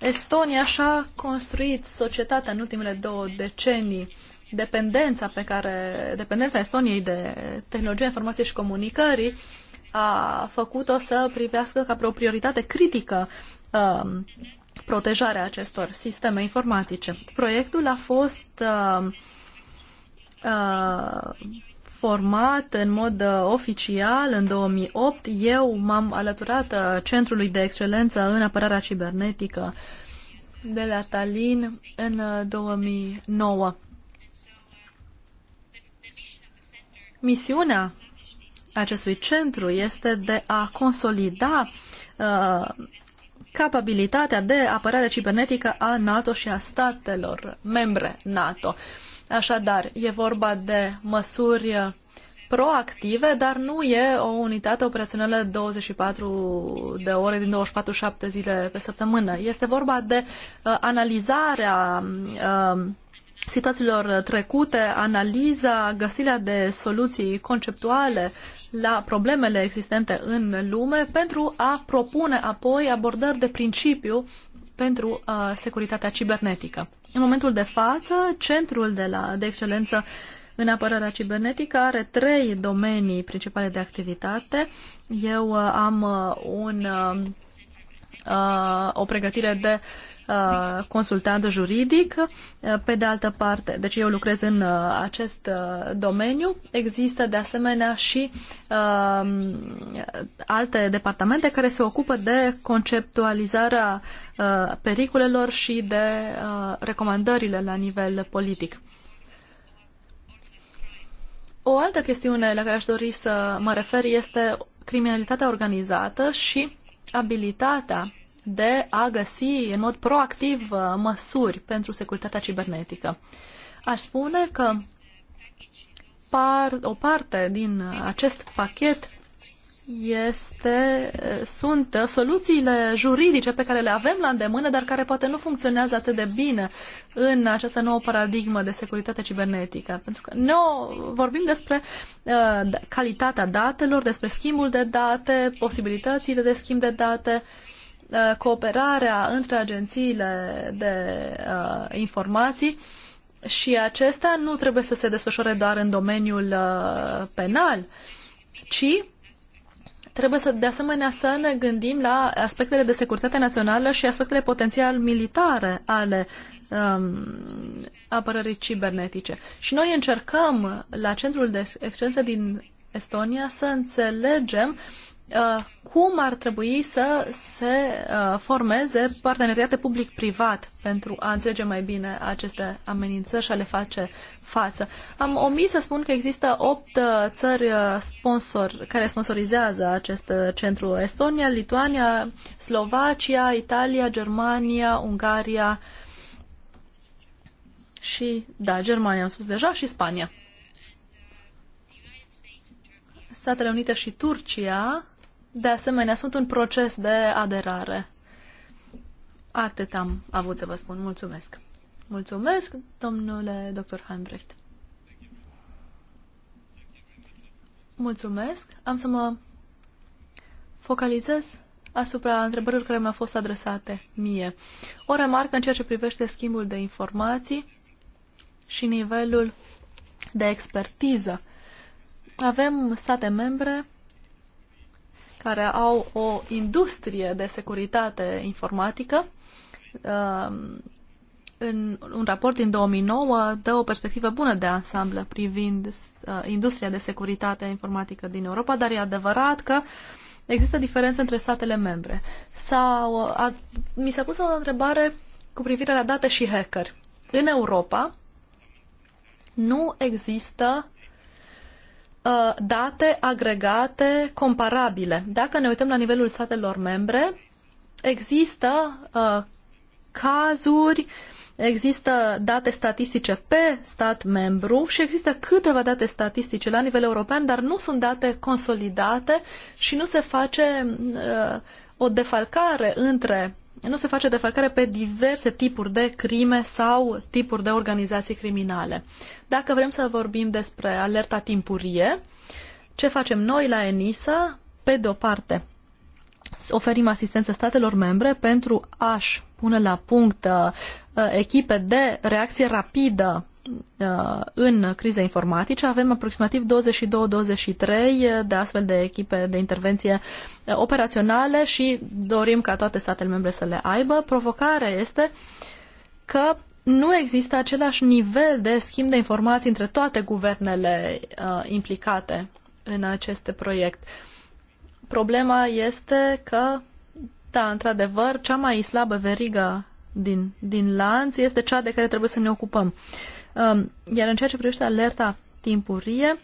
Estonia și-a construit societatea în ultimele două decenii. Dependența, pe care, dependența Estoniei de tehnologie, informației și comunicării a făcut-o să privească ca pe o prioritate critică um, protejarea acestor sisteme informatice. Proiectul a fost uh, format în mod uh, oficial în 2008. Eu m-am alăturat uh, Centrului de Excelență în apărarea cibernetică de la Tallinn în 2009. Uh, Misiunea acestui centru este de a consolida uh, capabilitatea de apărare cibernetică a NATO și a statelor membre NATO. Uh, Așadar, e vorba de măsuri proactive, dar nu e o unitate operațională 24 de ore din 24 7 zile pe săptămână. Este vorba de uh, analizarea uh, situațiilor trecute, analiza, găsirea de soluții conceptuale la problemele existente în lume pentru a propune apoi abordări de principiu pentru uh, securitatea cibernetică. În momentul de față, centrul de, la, de excelență în apărarea cibernetică are trei domenii principale de activitate. Eu uh, am uh, un, uh, uh o pregătire de Uh, consultant juridic. Uh, pe de altă parte, deci eu lucrez în uh, acest domeniu. Există de asemenea și uh, alte departamente care se ocupă de conceptualizarea uh, pericolelor și de uh, recomandările la nivel politic. O altă chestiune la care aș dori să mă refer este criminalitatea organizată și abilitatea de a găsi în mod proactiv uh, măsuri pentru securitatea cibernetică. Aș spune că par, o parte din acest pachet este, uh, sunt uh, soluțiile juridice pe care le avem la îndemână, dar care poate nu funcționează atât de bine în această nouă paradigmă de securitate cibernetică. Pentru că noi vorbim despre uh, calitatea datelor, despre schimbul de date, posibilitățile de schimb de date, uh, Uh, cooperarea între agențiile de uh, informații și acestea nu trebuie să se desfășoare doar în domeniul uh, penal, ci trebuie să, de asemenea să ne gândim la aspectele de securitate națională și aspectele potențial militare ale um, apărării cibernetice. Și noi încercăm la Centrul de Excelență din Estonia să înțelegem Uh, cum ar trebui să se uh, formeze parteneriate public-privat pentru a înțelege mai bine aceste amenințări și a le face față. Am omis să spun că există opt uh, țări sponsor, care sponsorizează acest centru. Estonia, Lituania, Slovacia, Italia, Germania, Ungaria și, da, Germania am spus deja, și Spania. Statele Unite și Turcia de asemenea, sunt un proces de aderare. Atât am avut să vă spun. Mulțumesc. Mulțumesc, domnule dr. Heimbrecht. Mulțumesc. Am să mă focalizez asupra întrebărilor care mi-au fost adresate mie. O remarcă în ceea ce privește schimbul de informații și nivelul de expertiză. Avem state membre care au o industrie de securitate informatică. Um, în un raport din 2009 dă o perspectivă bună de ansamblu privind uh, industria de securitate informatică din Europa, dar e adevărat că există diferențe între statele membre. Sau uh, a, mi s-a pus o întrebare cu privire la date și hacker. În Europa nu există Uh, date agregate comparabile. Dacă ne uităm la nivelul statelor membre, există uh, cazuri, există date statistice pe stat membru și există câteva date statistice la nivel european, dar nu sunt date consolidate și nu se face uh, o defalcare între nu se face defalcare pe diverse tipuri de crime sau tipuri de organizații criminale. Dacă vrem să vorbim despre alerta timpurie, ce facem noi la ENISA? Pe de o parte, oferim asistență statelor membre pentru a-și pune la punct uh, echipe de reacție rapidă Uh, în crize informatice avem aproximativ 22-23 uh, de astfel de echipe de intervenție uh, operaționale și dorim ca toate statele membre să le aibă. Provocarea este că nu există același nivel de schimb de informații între toate guvernele uh, implicate în acest proiect. Problema este că, da, într-adevăr, cea mai slabă verigă din, din lanț este cea de care trebuie să ne ocupăm. Uh, Um, iar în ceea ce privește alerta timpurie,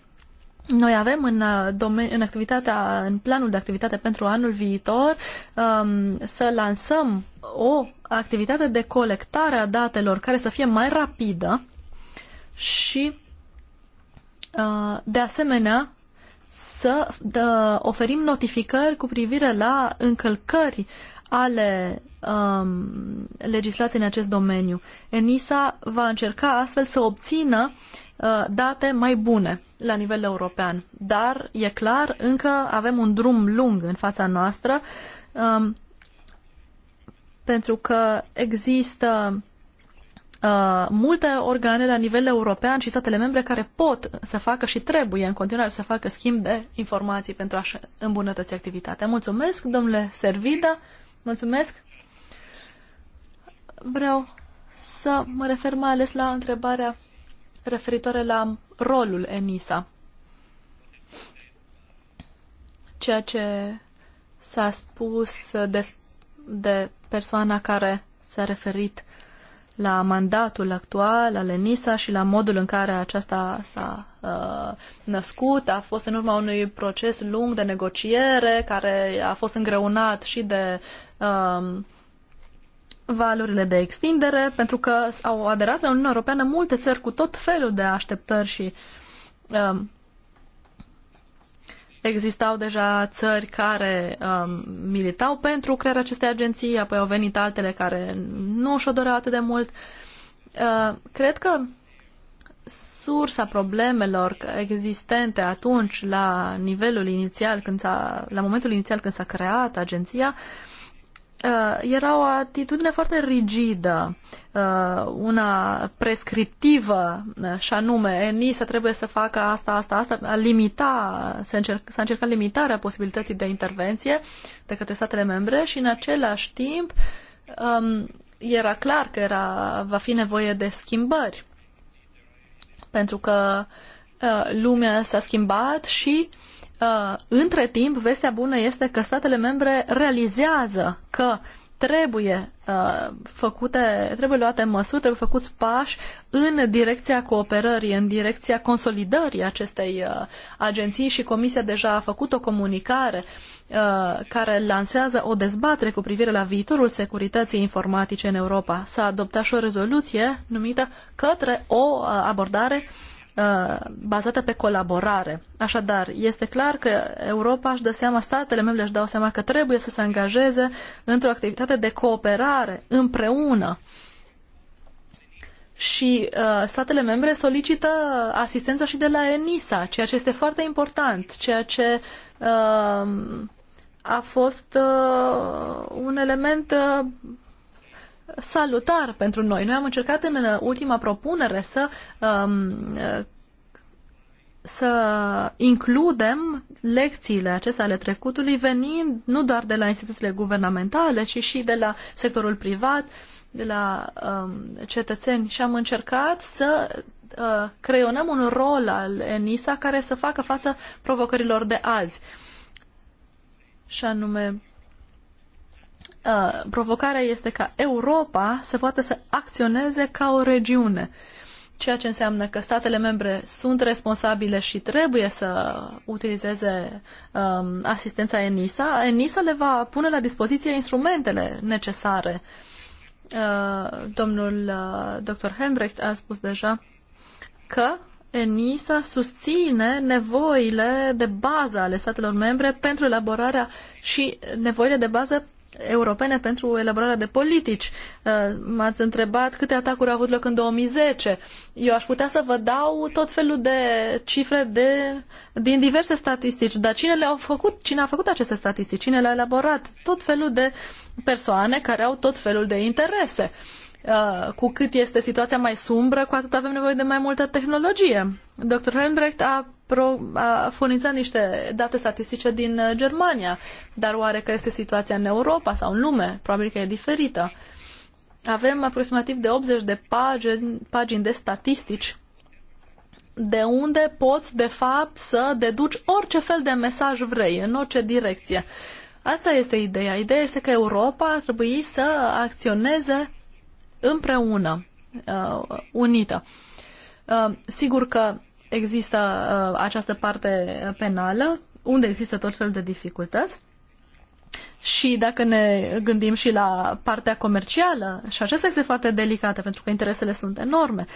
noi avem în, uh, în activitatea, în planul de activitate pentru anul viitor um, să lansăm o activitate de colectare a datelor care să fie mai rapidă și uh, de asemenea să oferim notificări cu privire la încălcări ale um, legislației în acest domeniu. ENISA va încerca astfel să obțină uh, date mai bune la nivel european, dar e clar, încă avem un drum lung în fața noastră um, pentru că există Uh, multe organe la nivel european și statele membre care pot să facă și trebuie în continuare să facă schimb de informații pentru a-și îmbunătăți activitatea. Mulțumesc, domnule Servida. Mulțumesc! Vreau să mă refer mai ales la întrebarea referitoare la rolul ENISA. Ceea ce s-a spus de, de persoana care s-a referit la mandatul actual al ENISA și la modul în care aceasta s-a uh, născut. A fost în urma unui proces lung de negociere care a fost îngreunat și de uh, valurile de extindere, pentru că au aderat la Uniunea Europeană multe țări cu tot felul de așteptări și uh, Existau deja țări care um, militau pentru crearea acestei agenții, apoi au venit altele care nu și-o doreau atât de mult. Uh, cred că sursa problemelor existente atunci la nivelul inițial, când s-a, la momentul inițial când s-a creat agenția, uh, Uh, era o atitudine foarte rigidă, uh, una prescriptivă, uh, și anume, ENISA trebuie să facă asta, asta, asta, a limita, să încerc, s-a încercat limitarea posibilității de intervenție de către statele membre și în același timp um, era clar că era, va fi nevoie de schimbări, pentru că lumea s-a schimbat și uh, Uh, între timp, vestea bună este că statele membre realizează că trebuie uh, făcute, trebuie luate măsuri, trebuie făcuți pași în direcția cooperării, în direcția consolidării acestei uh, agenții și Comisia deja a făcut o comunicare uh, care lansează o dezbatere cu privire la viitorul securității informatice în Europa. S-a adoptat și o rezoluție numită către o uh, abordare uh, Uh, bazată pe colaborare. Așadar, este clar că Europa își dă seama, statele membre își dau seama că trebuie să se angajeze într-o activitate de cooperare împreună. Și uh, statele membre solicită asistența și de la ENISA, ceea ce este foarte important, ceea ce uh, a fost uh, un element uh, salutar pentru noi. Noi am încercat în ultima propunere să um, să includem lecțiile acestea ale trecutului venind nu doar de la instituțiile guvernamentale, ci și de la sectorul privat, de la um, cetățeni și am încercat să uh, creionăm un rol al ENISA care să facă față provocărilor de azi. Și anume Uh, provocarea este ca Europa să poată să acționeze ca o regiune, ceea ce înseamnă că statele membre sunt responsabile și trebuie să utilizeze um, asistența ENISA. ENISA le va pune la dispoziție instrumentele necesare. Uh, domnul uh, dr. Hembrecht a spus deja că ENISA susține nevoile de bază ale statelor membre pentru elaborarea și nevoile de bază europene pentru elaborarea de politici. Uh, m-ați întrebat câte atacuri au avut loc în 2010. Eu aș putea să vă dau tot felul de cifre de, din diverse statistici, dar cine le-au făcut, cine a făcut aceste statistici, cine le-a elaborat, tot felul de persoane care au tot felul de interese. Uh, cu cât este situația mai sumbră, cu atât avem nevoie de mai multă tehnologie. Dr. Helmbrecht a pro, a furnizat niște date statistice din uh, Germania, dar oare că este situația în Europa sau în lume? Probabil că e diferită. Avem aproximativ de 80 de pagini, pagini de statistici de unde poți, de fapt, să deduci orice fel de mesaj vrei, în orice direcție. Asta este ideea. Ideea este că Europa ar trebui să acționeze împreună, uh, unită. Uh, sigur că există uh, această parte penală, unde există tot felul de dificultăți. Și dacă ne gândim și la partea comercială, și aceasta este foarte delicată, pentru că interesele sunt enorme.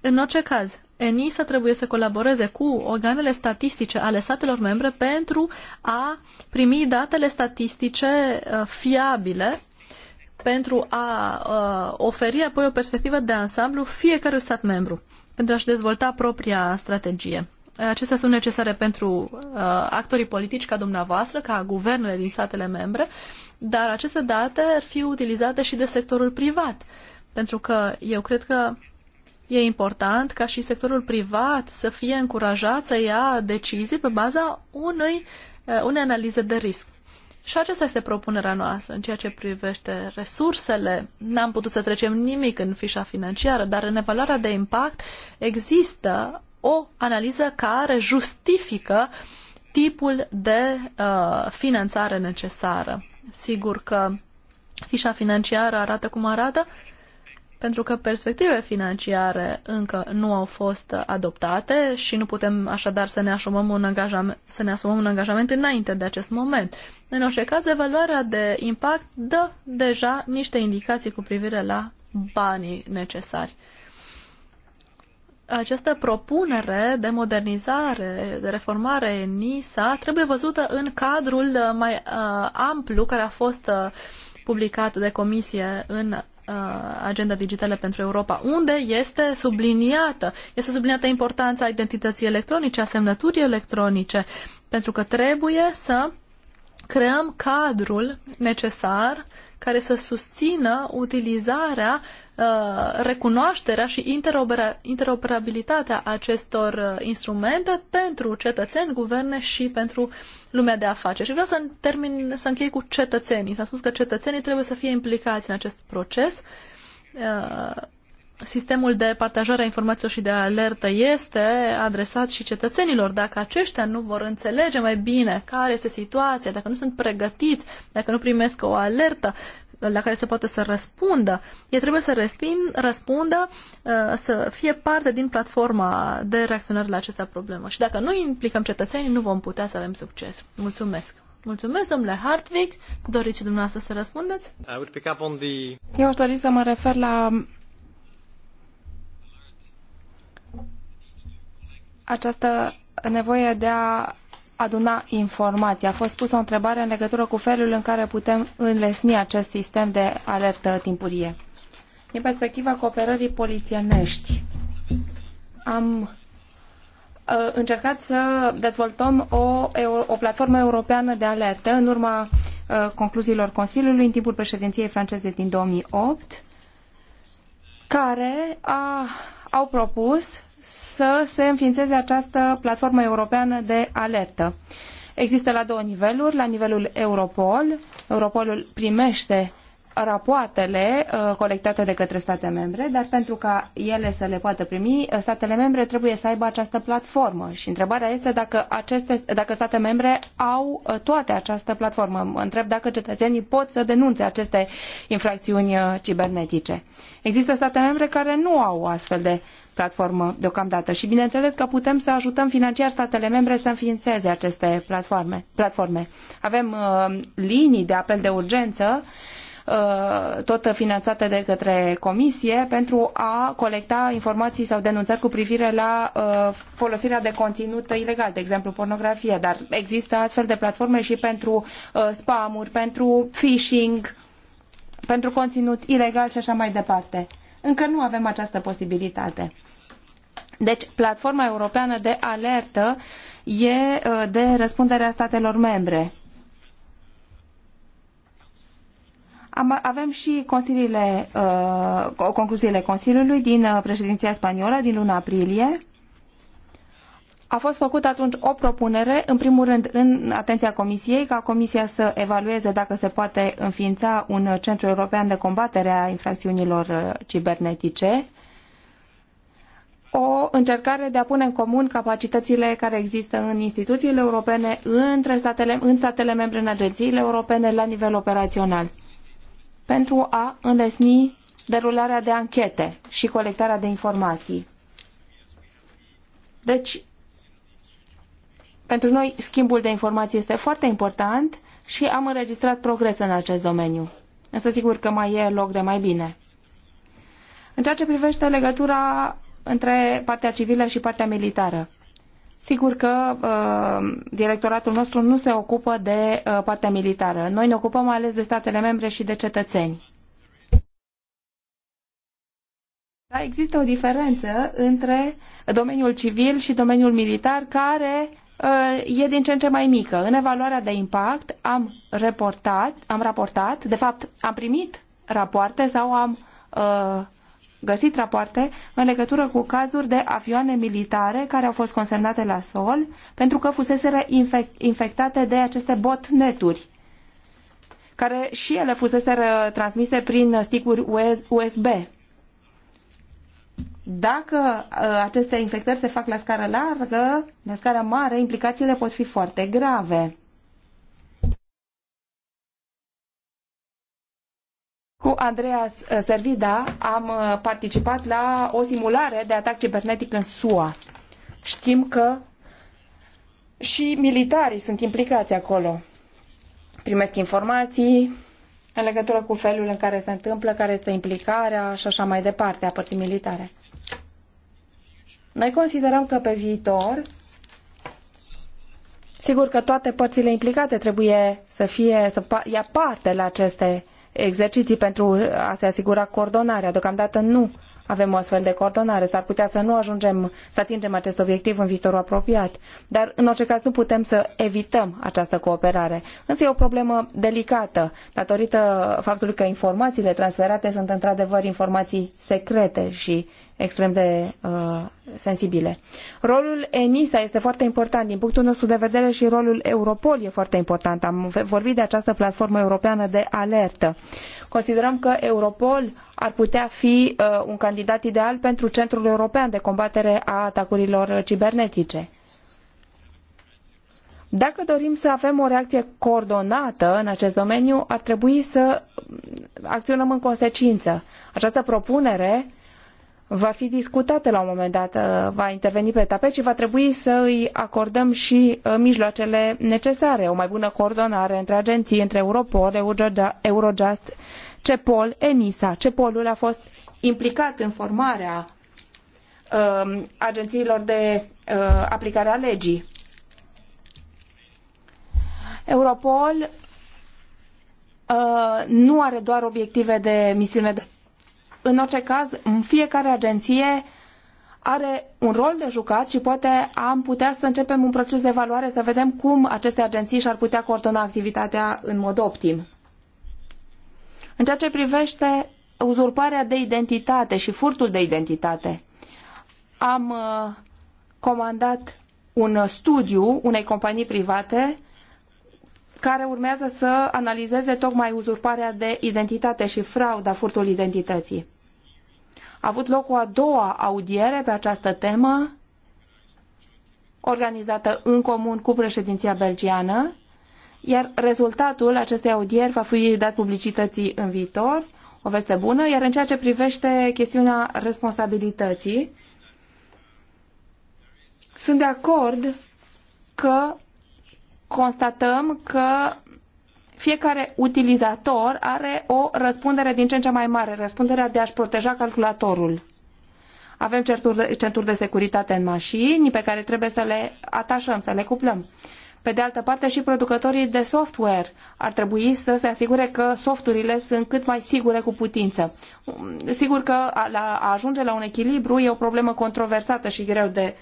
În orice caz, ENISA trebuie să colaboreze cu organele statistice ale statelor membre pentru a primi datele statistice uh, fiabile pentru a uh, oferi apoi o perspectivă de ansamblu fiecărui stat membru pentru a-și dezvolta propria strategie. Acestea sunt necesare pentru uh, actorii politici ca dumneavoastră, ca guvernele din statele membre, dar aceste date ar fi utilizate și de sectorul privat, pentru că eu cred că e important ca și sectorul privat să fie încurajat să ia decizii pe baza unui, uh, unei analize de risc. Și aceasta este propunerea noastră în ceea ce privește resursele. N-am putut să trecem nimic în fișa financiară, dar în evaluarea de impact există o analiză care justifică tipul de uh, finanțare necesară. Sigur că fișa financiară arată cum arată, pentru că perspectivele financiare încă nu au fost adoptate și nu putem așadar să ne asumăm un angajament, să ne asumăm un angajament înainte de acest moment. În orice caz, evaluarea de impact dă deja niște indicații cu privire la banii necesari. Această propunere de modernizare, de reformare NISA trebuie văzută în cadrul mai uh, amplu care a fost uh, publicat de comisie în Uh, agenda digitală pentru Europa, unde este subliniată, este subliniată importanța identității electronice, a semnăturii electronice, pentru că trebuie să creăm cadrul necesar care să susțină utilizarea, uh, recunoașterea și interoperabilitatea acestor uh, instrumente pentru cetățeni, guverne și pentru lumea de afaceri. Și vreau să, termin, să închei cu cetățenii. S-a spus că cetățenii trebuie să fie implicați în acest proces uh, sistemul de partajare a informațiilor și de alertă este adresat și cetățenilor. Dacă aceștia nu vor înțelege mai bine care este situația, dacă nu sunt pregătiți, dacă nu primesc o alertă la care se poate să răspundă, ei trebuie să respin, răspundă, uh, să fie parte din platforma de reacționare la această problemă. Și dacă nu implicăm cetățenii, nu vom putea să avem succes. Mulțumesc! Mulțumesc, domnule Hartwig. Doriți dumneavoastră să răspundeți? I would pick up on the... Eu aș dori să mă refer la această nevoie de a aduna informații. A fost pusă o întrebare în legătură cu felul în care putem înlesni acest sistem de alertă timpurie. Din perspectiva cooperării polițienești, am uh, încercat să dezvoltăm o, o platformă europeană de alertă în urma uh, concluziilor Consiliului în timpul președinției franceze din 2008, care a, au propus să se înființeze această platformă europeană de alertă. Există la două niveluri, la nivelul Europol, Europolul primește rapoartele uh, colectate de către state membre, dar pentru ca ele să le poată primi, uh, statele membre trebuie să aibă această platformă. Și întrebarea este dacă, aceste, dacă state membre au uh, toate această platformă. Mă întreb dacă cetățenii pot să denunțe aceste infracțiuni cibernetice. Există state membre care nu au astfel de platformă deocamdată și bineînțeles că putem să ajutăm financiar statele membre să înființeze aceste platforme. platforme. Avem uh, linii de apel de urgență uh, Uh, tot finanțate de către comisie, pentru a colecta informații sau denunțări cu privire la uh, folosirea de conținut ilegal, de exemplu pornografie, dar există astfel de platforme și pentru uh, spamuri, pentru phishing, pentru conținut ilegal și așa mai departe. Încă nu avem această posibilitate. Deci, platforma europeană de alertă e de răspunderea statelor membre. Am, avem și consiliile, uh, concluziile Consiliului din uh, președinția spaniolă din luna aprilie. A fost făcută atunci o propunere, în primul rând în atenția Comisiei, ca Comisia să evalueze dacă se poate înființa un centru european de combatere a infracțiunilor uh, cibernetice, o încercare de a pune în comun capacitățile care există în instituțiile europene, între statele, în statele membre, în agențiile europene, la nivel operațional pentru a înlesni derularea de anchete și colectarea de informații. Deci, pentru noi, schimbul de informații este foarte important și am înregistrat progres în acest domeniu. Însă sigur că mai e loc de mai bine. În ceea ce privește legătura între partea civilă și partea militară. Sigur că uh, directoratul nostru nu se ocupă de uh, partea militară. Noi ne ocupăm mai ales de statele membre și de cetățeni. Da, există o diferență între domeniul civil și domeniul militar care uh, e din ce în ce mai mică. În evaluarea de impact am reportat, am raportat, de fapt am primit rapoarte sau am uh, găsit rapoarte în legătură cu cazuri de avioane militare care au fost consemnate la sol pentru că fuseseră infectate de aceste botneturi care și ele fuseseră transmise prin sticuri USB. Dacă ă, aceste infectări se fac la scară largă, la scară mare, implicațiile pot fi foarte grave. Cu Andreas Servida am uh, participat la o simulare de atac cibernetic în SUA. Știm că și militarii sunt implicați acolo. Primesc informații în legătură cu felul în care se întâmplă, care este implicarea și așa mai departe a părții militare. Noi considerăm că pe viitor, sigur că toate părțile implicate trebuie să fie, să ia parte la aceste exerciții pentru a se asigura coordonarea. Deocamdată nu avem o astfel de coordonare. S-ar putea să nu ajungem să atingem acest obiectiv în viitorul apropiat. Dar, în orice caz, nu putem să evităm această cooperare. Însă e o problemă delicată, datorită faptului că informațiile transferate sunt într-adevăr informații secrete și extrem de uh, sensibile. Rolul ENISA este foarte important din punctul nostru de vedere și rolul Europol este foarte important. Am vorbit de această platformă europeană de alertă. Considerăm că Europol ar putea fi uh, un candidat ideal pentru Centrul European de Combatere a Atacurilor Cibernetice. Dacă dorim să avem o reacție coordonată în acest domeniu, ar trebui să acționăm în consecință. Această propunere va fi discutată la un moment dat, uh, va interveni pe tapet și va trebui să îi acordăm și uh, mijloacele necesare, o mai bună coordonare între agenții, între Europol, Eurojust, CEPOL, ENISA. CEPOL-ul a fost implicat în formarea uh, agențiilor de uh, aplicare a legii. Europol uh, nu are doar obiective de misiune de în orice caz, fiecare agenție are un rol de jucat și poate am putea să începem un proces de evaluare să vedem cum aceste agenții și-ar putea coordona activitatea în mod optim. În ceea ce privește uzurparea de identitate și furtul de identitate, am uh, comandat un studiu unei companii private care urmează să analizeze tocmai uzurparea de identitate și frauda, furtul identității a avut loc o a doua audiere pe această temă, organizată în comun cu președinția belgiană, iar rezultatul acestei audieri va fi dat publicității în viitor, o veste bună, iar în ceea ce privește chestiunea responsabilității, sunt de acord că constatăm că fiecare utilizator are o răspundere din ce în ce mai mare, răspunderea de a-și proteja calculatorul. Avem certuri de, centuri de securitate în mașini pe care trebuie să le atașăm, să le cuplăm. Pe de altă parte, și producătorii de software ar trebui să se asigure că softurile sunt cât mai sigure cu putință. Sigur că a, a ajunge la un echilibru e o problemă controversată și greu de,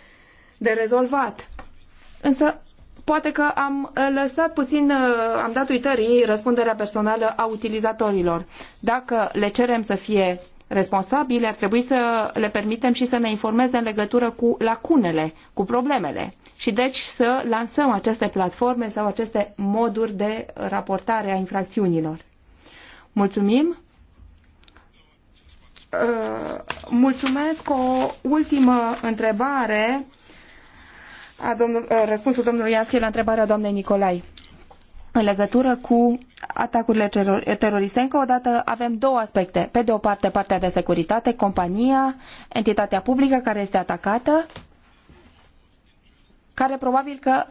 de rezolvat. Însă Poate că am eh, lăsat puțin, eh, am dat uitării răspunderea personală a utilizatorilor. Dacă le cerem să fie responsabili, ar trebui să le permitem și să ne informeze în legătură cu lacunele, cu problemele. Și deci să lansăm aceste platforme sau aceste moduri de raportare a infracțiunilor. Mulțumim! Eh, mulțumesc! O ultimă întrebare a domnul, răspunsul domnului Ianschi la întrebarea doamnei Nicolai în legătură cu atacurile teroriste. Încă o dată avem două aspecte. Pe de o parte, partea de securitate, compania, entitatea publică care este atacată, care probabil că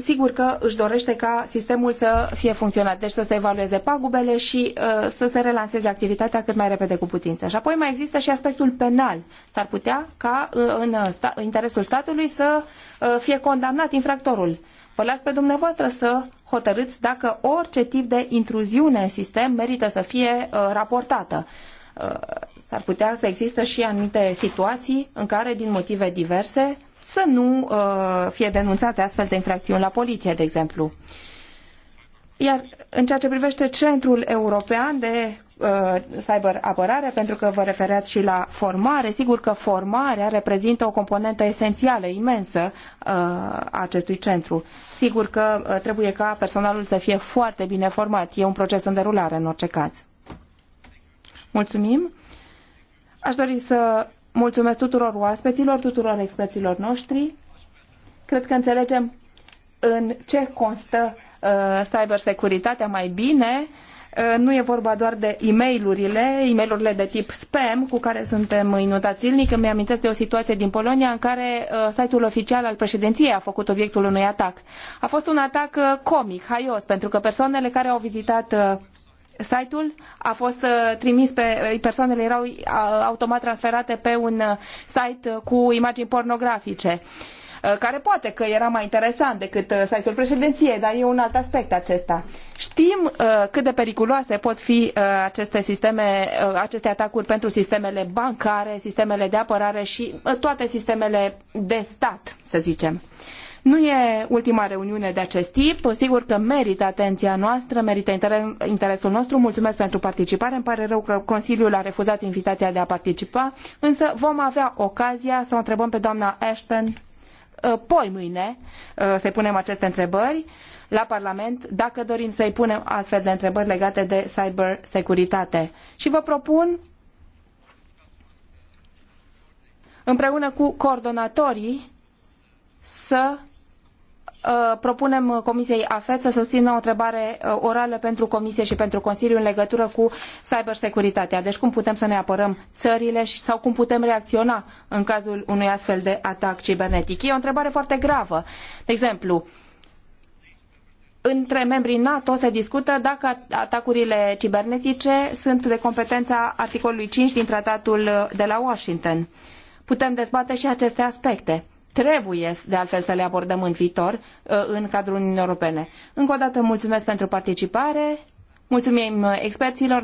sigur că își dorește ca sistemul să fie funcționat, deci să se evalueze pagubele și uh, să se relanseze activitatea cât mai repede cu putință. Și apoi mai există și aspectul penal. S-ar putea ca uh, în uh, sta interesul statului să uh, fie condamnat infractorul. Vă las pe dumneavoastră să hotărâți dacă orice tip de intruziune în sistem merită să fie uh, raportată. Uh, s-ar putea să existe și anumite situații în care, din motive diverse, să nu uh, fie denunțate astfel de infracțiuni la poliție, de exemplu. Iar în ceea ce privește Centrul European de uh, cyber apărare, pentru că vă refereați și la formare. Sigur că formarea reprezintă o componentă esențială, imensă uh, a acestui centru. Sigur că trebuie ca personalul să fie foarte bine format. E un proces în derulare în orice caz. Mulțumim. Aș dori să Mulțumesc tuturor oaspeților, tuturor experților noștri. Cred că înțelegem în ce constă uh, cybersecuritatea mai bine. Uh, nu e vorba doar de e mailurile e mailurile de tip spam cu care suntem inundați zilnic. Îmi amintesc de o situație din Polonia în care uh, site-ul oficial al președinției a făcut obiectul unui atac. A fost un atac uh, comic, haios, pentru că persoanele care au vizitat uh, site-ul a fost uh, trimis pe uh, persoanele erau uh, automat transferate pe un site cu imagini pornografice care poate că era mai interesant decât site-ul președinției, dar e un alt aspect acesta. Știm cât de periculoase pot fi aceste sisteme, aceste atacuri pentru sistemele bancare, sistemele de apărare și toate sistemele de stat, să zicem. Uh, nu e ultima reuniune de acest tip. Sigur că merită atenția noastră, merită interesul nostru. Mulțumesc pentru participare. Îmi pare rău că Consiliul a refuzat invitația de a participa, însă vom avea ocazia să o întrebăm pe doamna Ashton uh, poi mâine uh, să-i punem aceste întrebări la Parlament dacă dorim să-i punem astfel de întrebări legate de cybersecuritate. Și vă propun împreună cu coordonatorii să uh, propunem Comisiei AFET să susțină o întrebare uh, orală pentru Comisie și pentru Consiliu în legătură cu cybersecuritatea. Deci cum putem să ne apărăm țările și, sau cum putem reacționa în cazul unui astfel de atac cibernetic. E o întrebare foarte gravă. De exemplu, între membrii NATO se discută dacă atacurile cibernetice sunt de competența articolului 5 din tratatul uh, de la Washington. Putem dezbate și aceste aspecte trebuie de altfel să le abordăm în viitor uh, în cadrul Uniunii Europene. Încă o dată mulțumesc pentru participare, mulțumim uh, experților.